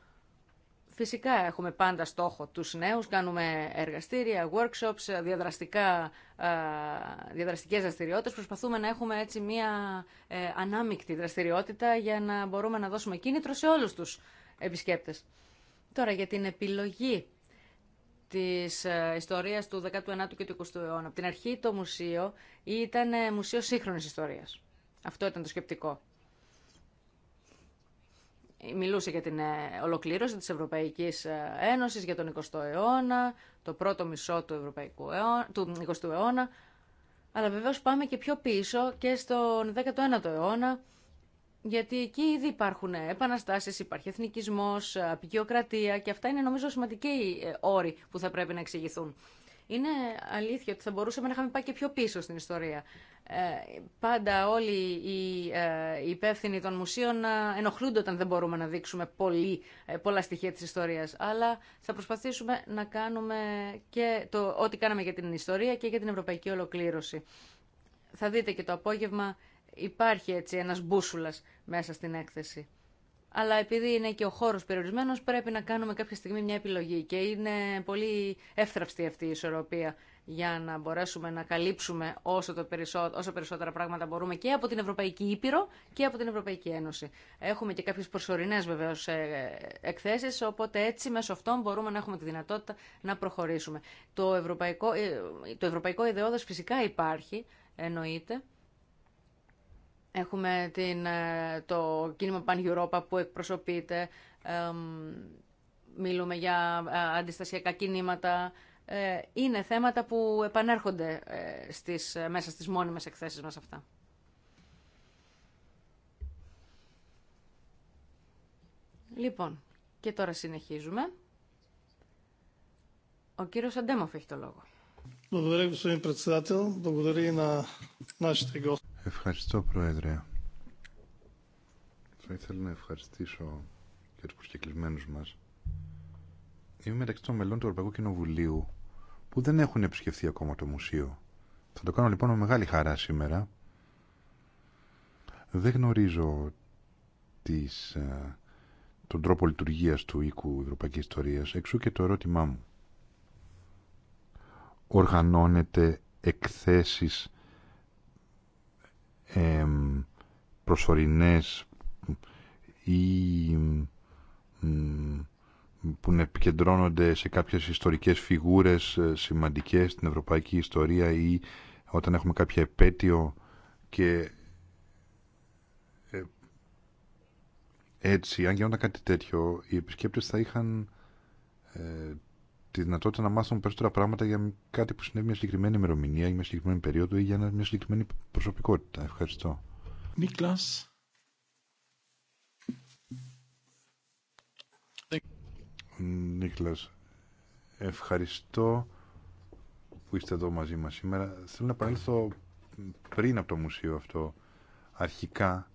φυσικά έχουμε πάντα στόχο τους νέους. Κάνουμε εργαστήρια, workshops, διαδραστικά, διαδραστικές δραστηριότητες. Προσπαθούμε να έχουμε έτσι μια ανάμεικτη δραστηριότητα για να μπορούμε να δώσουμε κίνητρο σε όλους τους επισκέπτες. Τώρα για την επιλογή της ε, ιστορίας του 19ου και του 20ου αιώνα. Από την αρχή το μουσείο ήταν ε, μουσείο σύγχρονης ιστορίας. Αυτό ήταν το σκεπτικό. Μιλούσε για την ε, ολοκλήρωση της Ευρωπαϊκής Ένωσης για τον 20ο αιώνα, το πρώτο μισό του, Ευρωπαϊκού αιώνα, του 20ου αιώνα, αλλά βεβαίως πάμε και πιο πίσω και στον 19ο αιώνα γιατί εκεί ήδη υπάρχουν ε, επαναστάσεις, υπάρχει εθνικισμός, ε, απεικιοκρατία και αυτά είναι νομίζω σημαντικοί ε, όροι που θα πρέπει να εξηγηθούν. Είναι αλήθεια ότι θα μπορούσαμε να είχαμε πάει και πιο πίσω στην ιστορία. Ε, πάντα όλοι οι, ε, υπεύθυνοι των μουσείων ενοχλούνται όταν δεν μπορούμε να δείξουμε πολύ, πολλά στοιχεία της ιστορίας. Αλλά θα προσπαθήσουμε να κάνουμε και το, ό,τι κάναμε για την ιστορία και για την ευρωπαϊκή ολοκλήρωση. Θα δείτε και το απόγευμα υπάρχει έτσι ένας μπούσουλας μέσα στην έκθεση. Αλλά επειδή είναι και ο χώρος περιορισμένος πρέπει να κάνουμε κάποια στιγμή μια επιλογή και είναι πολύ εύθραυστη αυτή η ισορροπία για να μπορέσουμε να καλύψουμε όσο, το όσο περισσότερα πράγματα μπορούμε και από την Ευρωπαϊκή Ήπειρο και από την Ευρωπαϊκή Ένωση. Έχουμε και κάποιες προσωρινές βεβαίως ε, εκθέσεις, οπότε έτσι μέσω αυτών μπορούμε να έχουμε τη δυνατότητα να προχωρήσουμε. Το ευρωπαϊκό, ε, το ευρωπαϊκό φυσικά υπάρχει, εννοείται, Έχουμε την, ε, το κίνημα Pan Europa που εκπροσωπείται. Μιλούμε για ε, αντιστασιακά κινήματα. Ε, είναι θέματα που επανέρχονται στις, μέσα στις μόνιμες εκθέσεις μας αυτά. Λοιπόν, και τώρα συνεχίζουμε. Ο κύριος Αντέμοφ έχει το λόγο. Благодаря, господин председател. Благодаря и на Ευχαριστώ Πρόεδρε. Θα ήθελα να ευχαριστήσω και τους προσκεκλημένους μας. Είμαι μεταξύ των μελών του Ευρωπαϊκού Κοινοβουλίου που δεν έχουν επισκεφθεί ακόμα το μουσείο. Θα το κάνω λοιπόν με μεγάλη χαρά σήμερα. Δεν γνωρίζω τις ε, τον τρόπο λειτουργίας του οίκου Ευρωπαϊκής Ιστορίας, εξού και το ερώτημά μου. Οργανώνεται εκθέσεις ε, προσωρινές ή που επικεντρώνονται σε κάποιες ιστορικές φιγούρες ε, σημαντικές στην ευρωπαϊκή ιστορία ή όταν έχουμε κάποια επέτειο και ε, έτσι, αν γινόταν κάτι τέτοιο, οι επισκέπτες θα είχαν ε, τη δυνατότητα να μάθουν περισσότερα πράγματα για κάτι που συνέβη μια συγκεκριμένη ημερομηνία ή μια συγκεκριμένη περίοδο ή για μια συγκεκριμένη προσωπικότητα. Ευχαριστώ. Νίκλας. Νίκλας, ευχαριστώ που είστε εδώ μαζί μας σήμερα. Θέλω να επανέλθω πριν από το μουσείο αυτό. Αρχικά,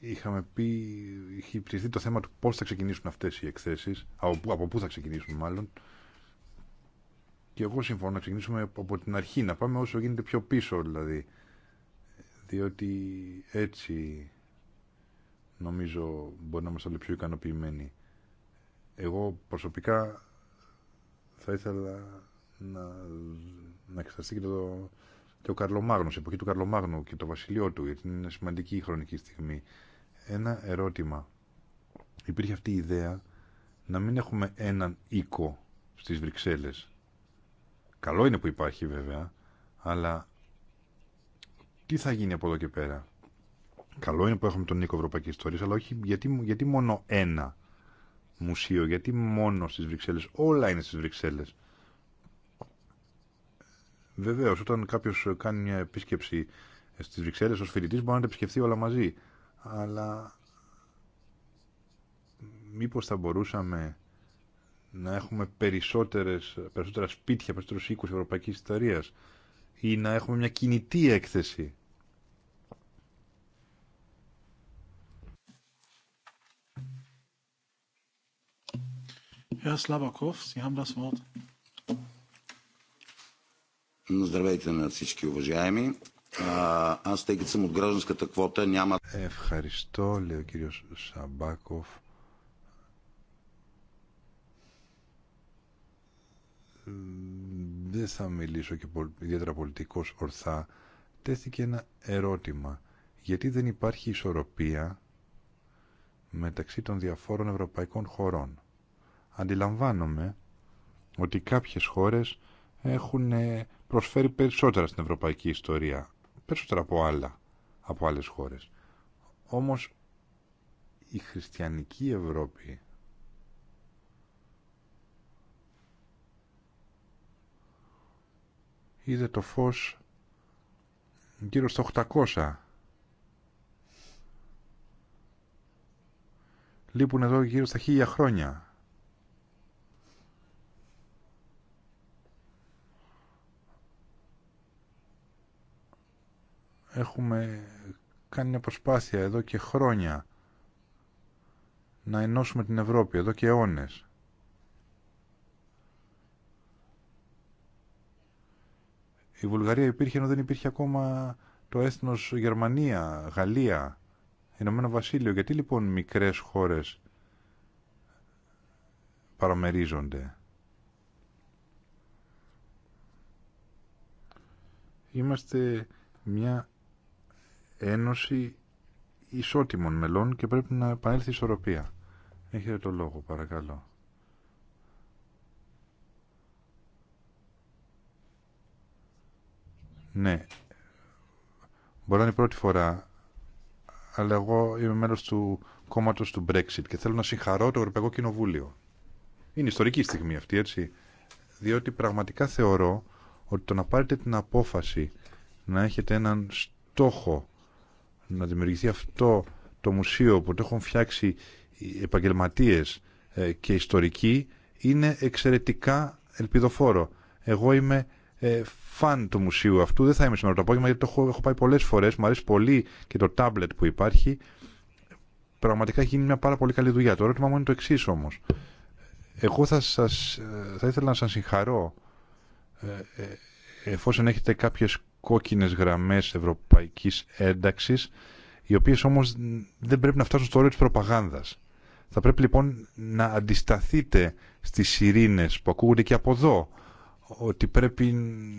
είχαμε πει, είχε ψηθεί το θέμα του πώς θα ξεκινήσουν αυτές οι εκθέσεις, από, από πού θα ξεκινήσουν μάλλον. Και εγώ συμφωνώ να ξεκινήσουμε από την αρχή, να πάμε όσο γίνεται πιο πίσω δηλαδή. Διότι έτσι νομίζω μπορεί να είμαστε όλοι πιο ικανοποιημένοι. Εγώ προσωπικά θα ήθελα να, να εξεταστεί και το, και ο Καρλομάγνος, η εποχή του Καρλομάγνου και το βασιλείο του, γιατί είναι σημαντική η χρονική στιγμή ένα ερώτημα. Υπήρχε αυτή η ιδέα να μην έχουμε έναν οίκο στις Βρυξέλλες. Καλό είναι που υπάρχει βέβαια, αλλά τι θα γίνει από εδώ και πέρα. Καλό είναι που έχουμε τον οίκο Ευρωπαϊκής Ιστορίας, αλλά όχι γιατί, γιατί μόνο ένα μουσείο, γιατί μόνο στις Βρυξέλλες, όλα είναι στις Βρυξέλλες. Βεβαίω, όταν κάποιο κάνει μια επίσκεψη στι Βρυξέλλε ω φοιτητή, μπορεί να τα επισκεφθεί όλα μαζί αλλά μήπως θα μπορούσαμε να έχουμε περισσότερες, περισσότερα σπίτια, περισσότερους οίκους ευρωπαϊκής ιστορίας ή να έχουμε μια κινητή έκθεση. Herr Slavakov, Sie haben das Wort. Здравейте на всички уважаеми. Ευχαριστώ, λέει ο κύριος Σαμπάκοφ. Δεν θα μιλήσω και ιδιαίτερα πολιτικός ορθά. Τέθηκε ένα ερώτημα. Γιατί δεν υπάρχει ισορροπία μεταξύ των διαφόρων ευρωπαϊκών χωρών. Αντιλαμβάνομαι ότι κάποιες χώρες έχουν ε, προσφέρει περισσότερα στην ευρωπαϊκή ιστορία περισσότερα από άλλα, από άλλες χώρες. Όμως η χριστιανική Ευρώπη είδε το φως γύρω στα 800. Λείπουν εδώ γύρω στα χίλια χρόνια. έχουμε κάνει μια προσπάθεια εδώ και χρόνια να ενώσουμε την Ευρώπη εδώ και αιώνες. Η Βουλγαρία υπήρχε ενώ δεν υπήρχε ακόμα το έθνος Γερμανία, Γαλλία, Ηνωμένο Βασίλειο. Γιατί λοιπόν μικρές χώρες παραμερίζονται. Είμαστε μια ένωση ισότιμων μελών και πρέπει να επανέλθει η ισορροπία. Έχετε το λόγο, παρακαλώ. Ναι. Μπορεί να είναι η πρώτη φορά, αλλά εγώ είμαι μέλος του κόμματος του Brexit και θέλω να συγχαρώ το Ευρωπαϊκό Κοινοβούλιο. Είναι ιστορική στιγμή αυτή, έτσι, διότι πραγματικά θεωρώ ότι το να πάρετε την απόφαση να έχετε έναν στόχο να δημιουργηθεί αυτό το μουσείο που το έχουν φτιάξει οι επαγγελματίες ε, και ιστορικοί είναι εξαιρετικά ελπιδοφόρο. Εγώ είμαι ε, φαν του μουσείου αυτού. Δεν θα είμαι σήμερα το απόγευμα γιατί το έχω, έχω πάει πολλές φορές. Μου αρέσει πολύ και το τάμπλετ που υπάρχει. Πραγματικά έχει γίνει μια πάρα πολύ καλή δουλειά. Το ερώτημα μου είναι το εξή όμως. Εγώ θα, σας, ε, θα ήθελα να σας συγχαρώ ε, ε, εφόσον έχετε κάποιες κόκκινες γραμμές ευρωπαϊκής ένταξης, οι οποίες όμως δεν πρέπει να φτάσουν στο όριο της προπαγάνδας. Θα πρέπει λοιπόν να αντισταθείτε στις σιρήνες που ακούγονται και από εδώ, ότι πρέπει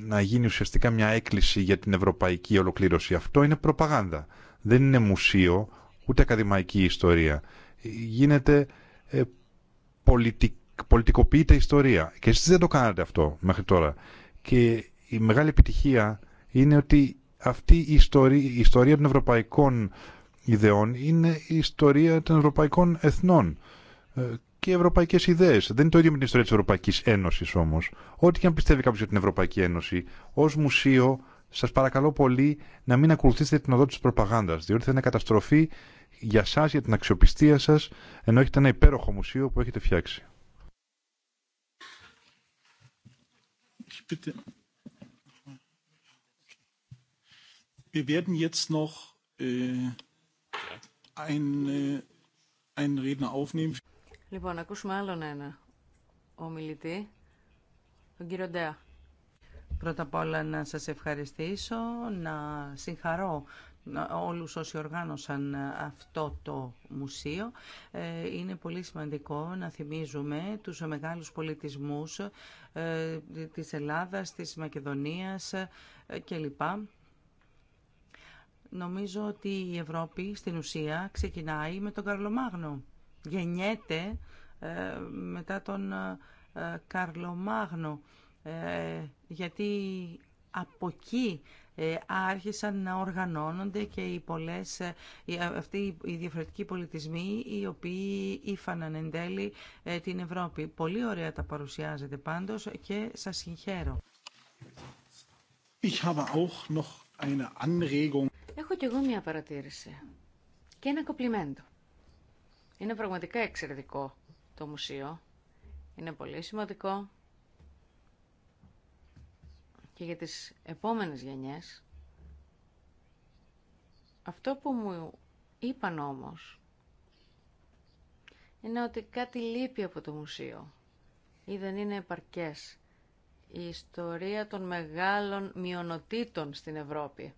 να γίνει ουσιαστικά μια έκκληση για την ευρωπαϊκή ολοκλήρωση. Αυτό είναι προπαγάνδα. Δεν είναι μουσείο, ούτε ακαδημαϊκή ιστορία. Γίνεται ε, πολιτικ, ιστορία. Και εσείς δεν το κάνατε αυτό μέχρι τώρα. Και η μεγάλη επιτυχία είναι ότι αυτή η ιστορία, η ιστορία των ευρωπαϊκών ιδεών είναι η ιστορία των ευρωπαϊκών εθνών ε, και ευρωπαϊκέ ιδέε. Δεν είναι το ίδιο με την ιστορία τη Ευρωπαϊκή Ένωση όμω. Ό,τι και αν πιστεύει κάποιο για την Ευρωπαϊκή Ένωση, ω μουσείο σα παρακαλώ πολύ να μην ακολουθήσετε την οδό τη προπαγάνδα, διότι θα είναι καταστροφή για εσά, για την αξιοπιστία σα, ενώ έχετε ένα υπέροχο μουσείο που έχετε φτιάξει. Wir werden jetzt noch äh, äh, einen Redner aufnehmen. Λοιπόν, ακούσουμε άλλον ένα ομιλητή, τον κύριο Ντέα. Πρώτα απ' όλα να σας ευχαριστήσω, να συγχαρώ όλους όσοι οργάνωσαν αυτό το μουσείο. Ε, είναι πολύ σημαντικό να θυμίζουμε τους μεγάλους πολιτισμούς ε, της Ελλάδας, της Μακεδονίας ε, κλπ Νομίζω ότι η Ευρώπη στην ουσία ξεκινάει με τον Καρλομάγνο. Γεννιέται ε, μετά τον ε, ε, Καρλομάγνο. γιατί από εκεί άρχισαν να οργανώνονται και οι πολλές, αυτοί οι διαφορετικοί πολιτισμοί οι οποίοι ήφαναν εν τέλει την Ευρώπη. Πολύ ωραία τα παρουσιάζετε πάντως και σας συγχαίρω. Ich habe auch noch eine Έχω κι εγώ μια παρατήρηση και ένα κοπλιμέντο. Είναι πραγματικά εξαιρετικό το μουσείο. Είναι πολύ σημαντικό και για τις επόμενες γενιές. Αυτό που μου είπαν όμως είναι ότι κάτι λείπει από το μουσείο ή δεν είναι επαρκές. Η ιστορία των μεγάλων μειονοτήτων στην Ευρώπη.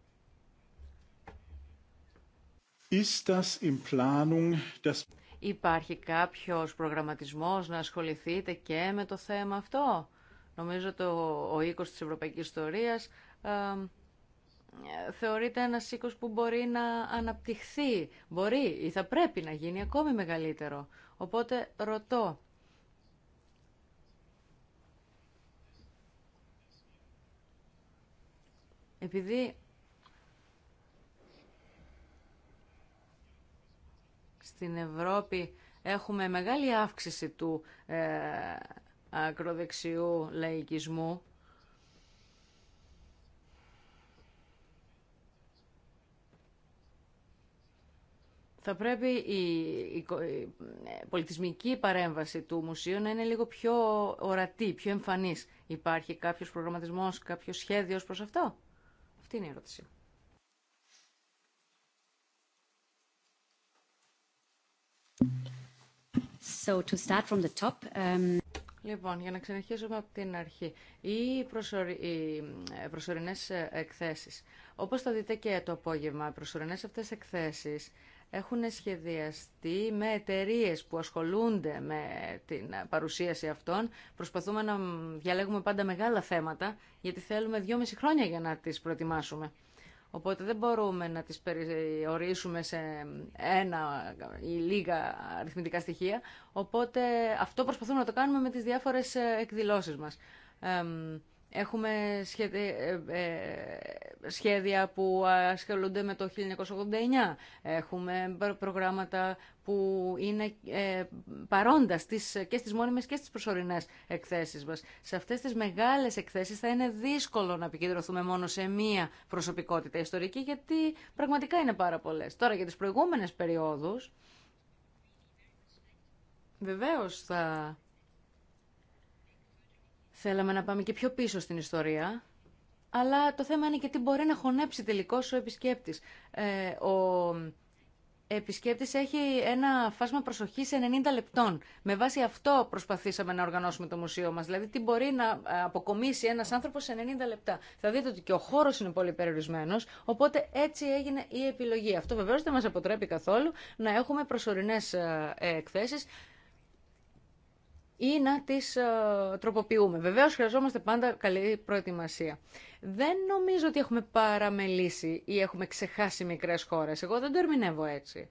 Υπάρχει κάποιος προγραμματισμός να ασχοληθείτε και με το θέμα αυτό. Νομίζω ότι ο οίκος της Ευρωπαϊκής Ιστορίας θεωρείται ένας οίκος που μπορεί να αναπτυχθεί. Μπορεί ή θα πρέπει να γίνει ακόμη μεγαλύτερο. Οπότε ρωτώ. Επειδή στην Ευρώπη έχουμε μεγάλη αύξηση του ε, ακροδεξιού λαϊκισμού. Θα πρέπει η ε, πολιτισμική παρέμβαση του μουσείου να είναι λίγο πιο ορατή, πιο εμφανής. Υπάρχει κάποιος προγραμματισμός, κάποιο σχέδιο προς αυτό. Αυτή είναι η ερώτηση. So, to start from the top, um... Λοιπόν, για να ξεκινήσουμε από την αρχή. Οι, οι ε, προσωρινές ε, εκθέσεις. Όπως θα δείτε και το απόγευμα, οι προσωρινές αυτές εκθέσεις έχουν σχεδιαστεί με εταιρείε που ασχολούνται με την παρουσίαση αυτών. Προσπαθούμε να διαλέγουμε πάντα μεγάλα θέματα, γιατί θέλουμε δυόμιση χρόνια για να τις προετοιμάσουμε. Οπότε δεν μπορούμε να τις περιορίσουμε σε ένα ή λίγα αριθμητικά στοιχεία. Οπότε αυτό προσπαθούμε να το κάνουμε με τις διάφορες εκδηλώσεις μας. Έχουμε ε, ε, σχέδια που ασχολούνται με το 1989. Έχουμε προγράμματα που είναι ε, παρόντα στις, και στις μόνιμες και στις προσωρινές εκθέσεις μας. Σε αυτές τις μεγάλες εκθέσεις θα είναι δύσκολο να επικεντρωθούμε μόνο σε μία προσωπικότητα ιστορική, γιατί πραγματικά είναι πάρα πολλέ. Τώρα για τις προηγούμενες περιόδους, βεβαίως θα Θέλαμε να πάμε και πιο πίσω στην ιστορία, αλλά το θέμα είναι και τι μπορεί να χωνέψει τελικώ ο επισκέπτης. Ε, ο επισκέπτης έχει ένα φάσμα προσοχής 90 λεπτών. Με βάση αυτό προσπαθήσαμε να οργανώσουμε το μουσείο μας. Δηλαδή τι μπορεί να ε, αποκομίσει ένας άνθρωπος σε 90 λεπτά. Θα δείτε ότι και ο χώρο είναι πολύ περιορισμένο. οπότε έτσι έγινε η επιλογή. Αυτό βεβαίω δεν μα αποτρέπει καθόλου να έχουμε προσωρινέ ε, εκθέσει ή να τις ε, τροποποιούμε. Βεβαίως χρειαζόμαστε πάντα καλή προετοιμασία. Δεν νομίζω ότι έχουμε παραμελήσει ή έχουμε ξεχάσει μικρές χώρες. Εγώ δεν το ερμηνεύω έτσι.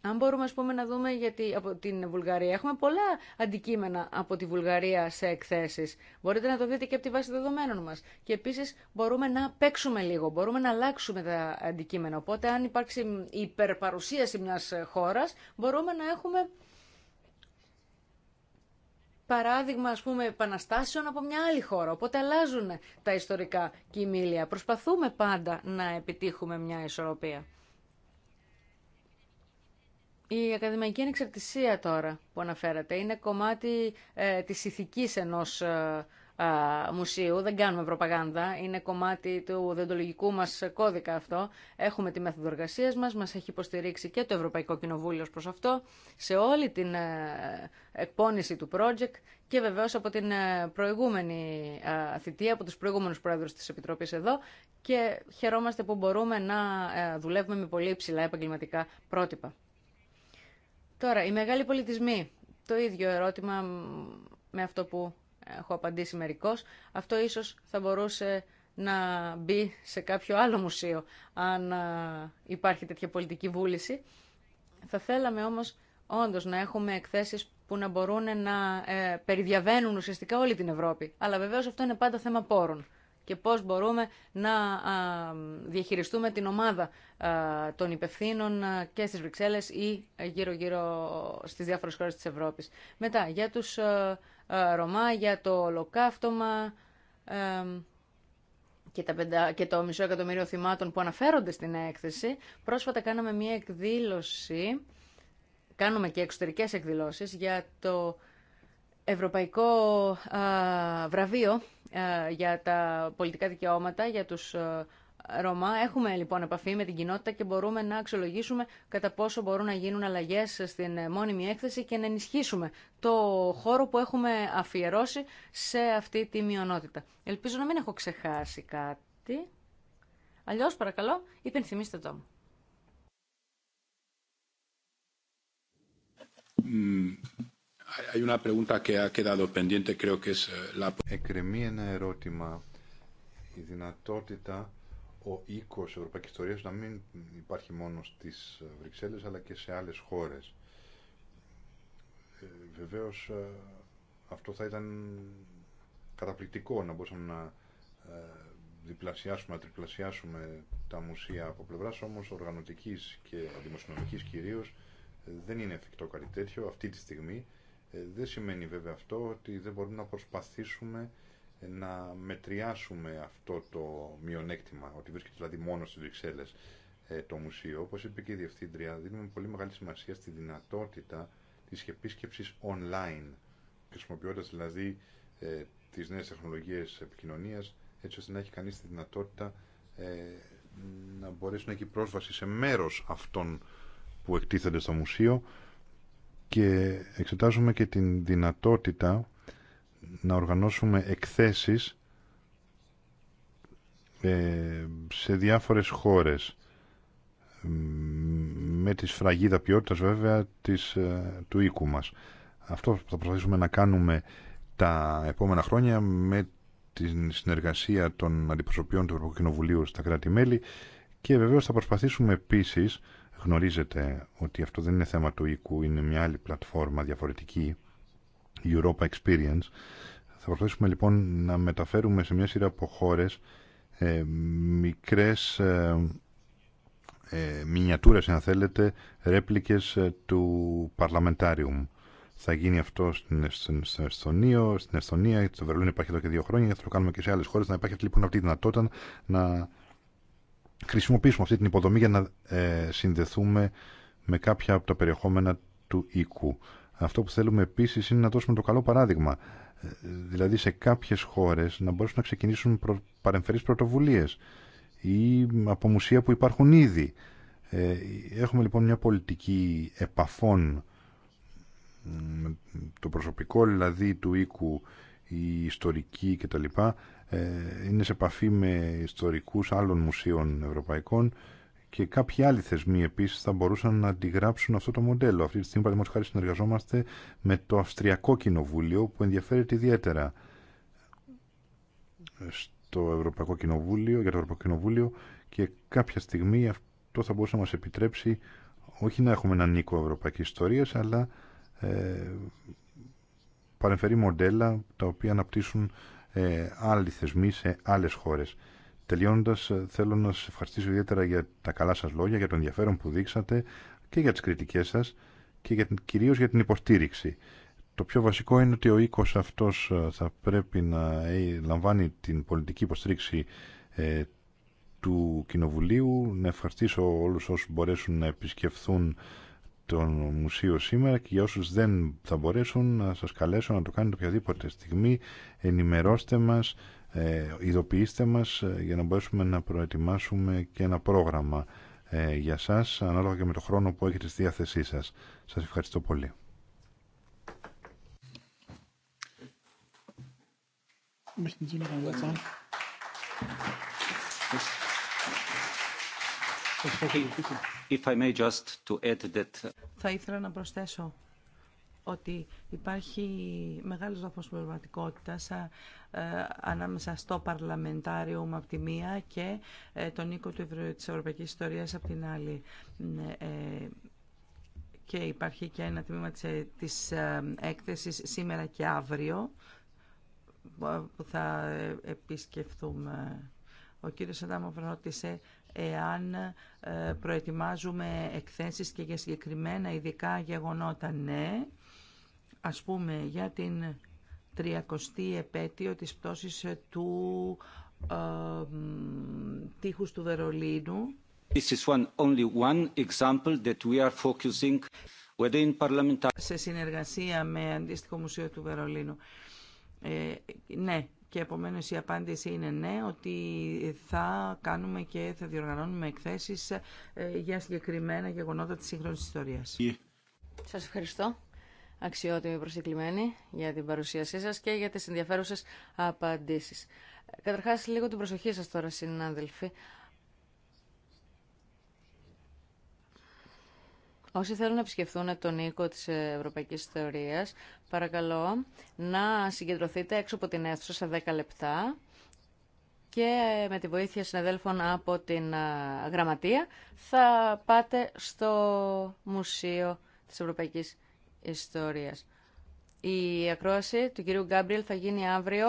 Αν μπορούμε να δούμε γιατί από την Βουλγαρία. Έχουμε πολλά αντικείμενα από τη Βουλγαρία σε εκθέσεις. Μπορείτε να το δείτε και από τη βάση δεδομένων μας. Και επίσης μπορούμε να παίξουμε λίγο, μπορούμε να αλλάξουμε τα αντικείμενα. Οπότε αν υπάρξει υπερπαρουσίαση μιας χώρας μπορούμε να έχουμε παράδειγμα ας πούμε επαναστάσεων από μια άλλη χώρα. Οπότε αλλάζουν τα ιστορικά κοιμήλια. Προσπαθούμε πάντα να επιτύχουμε μια ισορροπία. Η ακαδημαϊκή ανεξαρτησία τώρα που αναφέρατε είναι κομμάτι ε, της ηθικής ενός ε, μουσείου. Δεν κάνουμε προπαγάνδα. Είναι κομμάτι του δεντολογικού μας κώδικα αυτό. Έχουμε τη μέθοδο εργασία μας. Μας έχει υποστηρίξει και το Ευρωπαϊκό Κοινοβούλιο προς αυτό σε όλη την ε, εκπόνηση του project και βεβαίως από την ε, προηγούμενη ε, θητεία, από τους προηγούμενους πρόεδρους της Επιτροπής εδώ και χαιρόμαστε που μπορούμε να δουλεύουμε με πολύ υψηλά επαγγελματικά πρότυπα. Τώρα, οι μεγάλοι πολιτισμοί. Το ίδιο ερώτημα με αυτό που έχω απαντήσει μερικώς. Αυτό ίσως θα μπορούσε να μπει σε κάποιο άλλο μουσείο, αν υπάρχει τέτοια πολιτική βούληση. Θα θέλαμε όμως όντως να έχουμε εκθέσεις που να μπορούν να ε, περιδιαβαίνουν ουσιαστικά όλη την Ευρώπη. Αλλά βεβαίως αυτό είναι πάντα θέμα πόρων και πώς μπορούμε να διαχειριστούμε την ομάδα των υπευθύνων και στις Βρυξέλλες ή γύρω-γύρω στις διάφορες χώρες της Ευρώπης. Μετά, για τους ε, Ρωμά, για το ολοκαύτωμα και, τα πεντα... και το μισό εκατομμύριο θυμάτων που αναφέρονται στην έκθεση. Πρόσφατα κάναμε μία εκδήλωση, κάνουμε και εξωτερικές εκδηλώσεις για το Ευρωπαϊκό ε, βραβείο ε, για τα πολιτικά δικαιώματα, για τους Ρωμά. Έχουμε λοιπόν επαφή με την κοινότητα και μπορούμε να αξιολογήσουμε κατά πόσο μπορούν να γίνουν αλλαγέ στην ε, μόνιμη έκθεση και να ενισχύσουμε το χώρο που έχουμε αφιερώσει σε αυτή τη μειονότητα. Ελπίζω να μην έχω ξεχάσει κάτι. Αλλιώ, παρακαλώ, υπενθυμίστε το μου. Εκκρεμεί ένα ερώτημα. Η δυνατότητα ο οίκο Ευρωπαϊκή Ιστορία να μην υπάρχει μόνο στι Βρυξέλλες αλλά και σε άλλες χώρες. Ε, ε, αυτό θα ήταν καταπληκτικό να μπορούσαμε να ε, διπλασιάσουμε, να τριπλασιάσουμε τα μουσεία από πλευρά όμω οργανωτική και δημοσιονομικής κυρίως ε, δεν είναι εφικτό κάτι τέτοιο αυτή τη στιγμή. δεν σημαίνει βέβαια αυτό ότι δεν μπορούμε να προσπαθήσουμε να μετριάσουμε αυτό το μειονέκτημα, ότι βρίσκεται δηλαδή μόνο στις Βρυξέλλες ε, το μουσείο. Όπως είπε και η Διευθύντρια, δίνουμε πολύ μεγάλη σημασία στη δυνατότητα της επίσκεψης online, χρησιμοποιώντα δηλαδή ε, τις νέες τεχνολογίες επικοινωνίας, έτσι ώστε να έχει κανείς τη δυνατότητα ε, να μπορέσει να έχει πρόσβαση σε μέρος αυτών που εκτίθενται στο μουσείο και εξετάζουμε και την δυνατότητα να οργανώσουμε εκθέσεις ε, σε διάφορες χώρες με τη σφραγίδα ποιότητας βέβαια της, ε, του οίκου μας. Αυτό θα προσπαθήσουμε να κάνουμε τα επόμενα χρόνια με τη συνεργασία των αντιπροσωπιών του Ευρωπαϊκού στα κράτη-μέλη και βεβαίως θα προσπαθήσουμε επίσης, γνωρίζετε ότι αυτό δεν είναι θέμα του οίκου, είναι μια άλλη πλατφόρμα διαφορετική, Europa Experience. Θα προσθέσουμε λοιπόν να μεταφέρουμε σε μια σειρά από χώρες ε, μικρές ε, ε μινιατούρες, αν θέλετε, ρέπλικες ε, του Παρλαμεντάριου. Θα γίνει αυτό στην, στην, στην, Εσθονία, στην Εσθονία, στο Βερολίνο υπάρχει εδώ και δύο χρόνια, θα το κάνουμε και σε άλλες χώρες, να υπάρχει λοιπόν αυτή η δυνατότητα να χρησιμοποιήσουμε αυτή την υποδομή για να ε, συνδεθούμε με κάποια από τα περιεχόμενα του οίκου. Αυτό που θέλουμε επίσης είναι να δώσουμε το καλό παράδειγμα. Ε, δηλαδή σε κάποιες χώρες να μπορέσουν να ξεκινήσουν προ... παρεμφερείς πρωτοβουλίες ή από μουσεία που υπάρχουν ήδη. Ε, έχουμε λοιπόν μια πολιτική επαφών το προσωπικό δηλαδή του οίκου η ιστορική κτλ. Ε, είναι σε επαφή με ιστορικούς άλλων μουσείων ευρωπαϊκών και κάποιοι άλλοι θεσμοί επίση θα μπορούσαν να αντιγράψουν αυτό το μοντέλο. Αυτή τη στιγμή, παραδείγματο χάρη, συνεργαζόμαστε με το Αυστριακό Κοινοβούλιο που ενδιαφέρεται ιδιαίτερα στο Ευρωπαϊκό Κοινοβούλιο, για το Ευρωπαϊκό Κοινοβούλιο και κάποια στιγμή αυτό θα μπορούσε να μα επιτρέψει όχι να έχουμε έναν νίκο ευρωπαϊκή ιστορία, αλλά ε, παρεμφερεί μοντέλα τα οποία αναπτύσσουν ε, άλλοι θεσμοί σε άλλε χώρε. Τελειώνοντα, ε, θέλω να σα ευχαριστήσω ιδιαίτερα για τα καλά σα λόγια, για το ενδιαφέρον που δείξατε και για τι κριτικέ σα και για, κυρίως για την υποστήριξη. Το πιο βασικό είναι ότι ο οίκος αυτός ε, θα πρέπει να ε, λαμβάνει την πολιτική υποστήριξη του Κοινοβουλίου. Να ευχαριστήσω όλους όσους μπορέσουν να επισκεφθούν το μουσείο σήμερα και για όσους δεν θα μπορέσουν να σας καλέσω να το κάνετε οποιαδήποτε στιγμή. Ενημερώστε μας, ε, ειδοποιήστε μας ε, για να μπορέσουμε να προετοιμάσουμε και ένα πρόγραμμα ε, για σας ανάλογα και με το χρόνο που έχετε στη διάθεσή σας. Σας ευχαριστώ πολύ. Uh, Θα ήθελα να προσθέσω ότι υπάρχει μεγάλος βαθμός ε, ανάμεσα στο Παρλαμεντάριο από τη μία και ε, τον οίκο της Ευρωπαϊκής Ιστορίας από την άλλη ναι, ε, και υπάρχει και ένα τμήμα της ε, έκθεσης σήμερα και αύριο που θα επισκεφθούμε. Ο κύριος Αδάμov ρώτησε εάν προετοιμάζουμε εκθέσεις και για συγκεκριμένα ειδικά γεγονότα. Ναι, ας πούμε για την 30η επέτειο της πτώσης του ε, τείχους του Βερολίνου. This is one, only one example that we are focusing within parliamentary... Σε συνεργασία με αντίστοιχο Μουσείο του Βερολίνου. Ε, ναι, και επομένως η απάντηση είναι ναι, ότι θα κάνουμε και θα διοργανώνουμε εκθέσεις ε, για συγκεκριμένα γεγονότα της σύγχρονης ιστορίας. Σας ευχαριστώ αξιότιμοι προσυκλημένοι για την παρουσίασή σας και για τις ενδιαφέρουσες απαντήσεις. Καταρχάς, λίγο την προσοχή σας τώρα, συνάδελφοι. Όσοι θέλουν να επισκεφθούν τον οίκο της Ευρωπαϊκής Θεωρίας, παρακαλώ να συγκεντρωθείτε έξω από την αίθουσα σε 10 λεπτά και με τη βοήθεια συναδέλφων από την γραμματεία θα πάτε στο Μουσείο της Ευρωπαϊκής Θεωρίας ιστορίας. Η ακρόαση του κυρίου Γκάμπριελ θα γίνει αύριο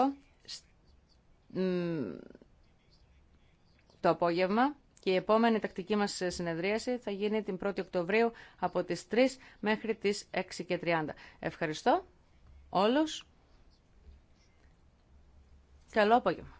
το απόγευμα και η επόμενη τακτική μας συνεδρίαση θα γίνει την 1η Οκτωβρίου από τις 3 μέχρι τις 30. Ευχαριστώ όλους. Καλό απόγευμα.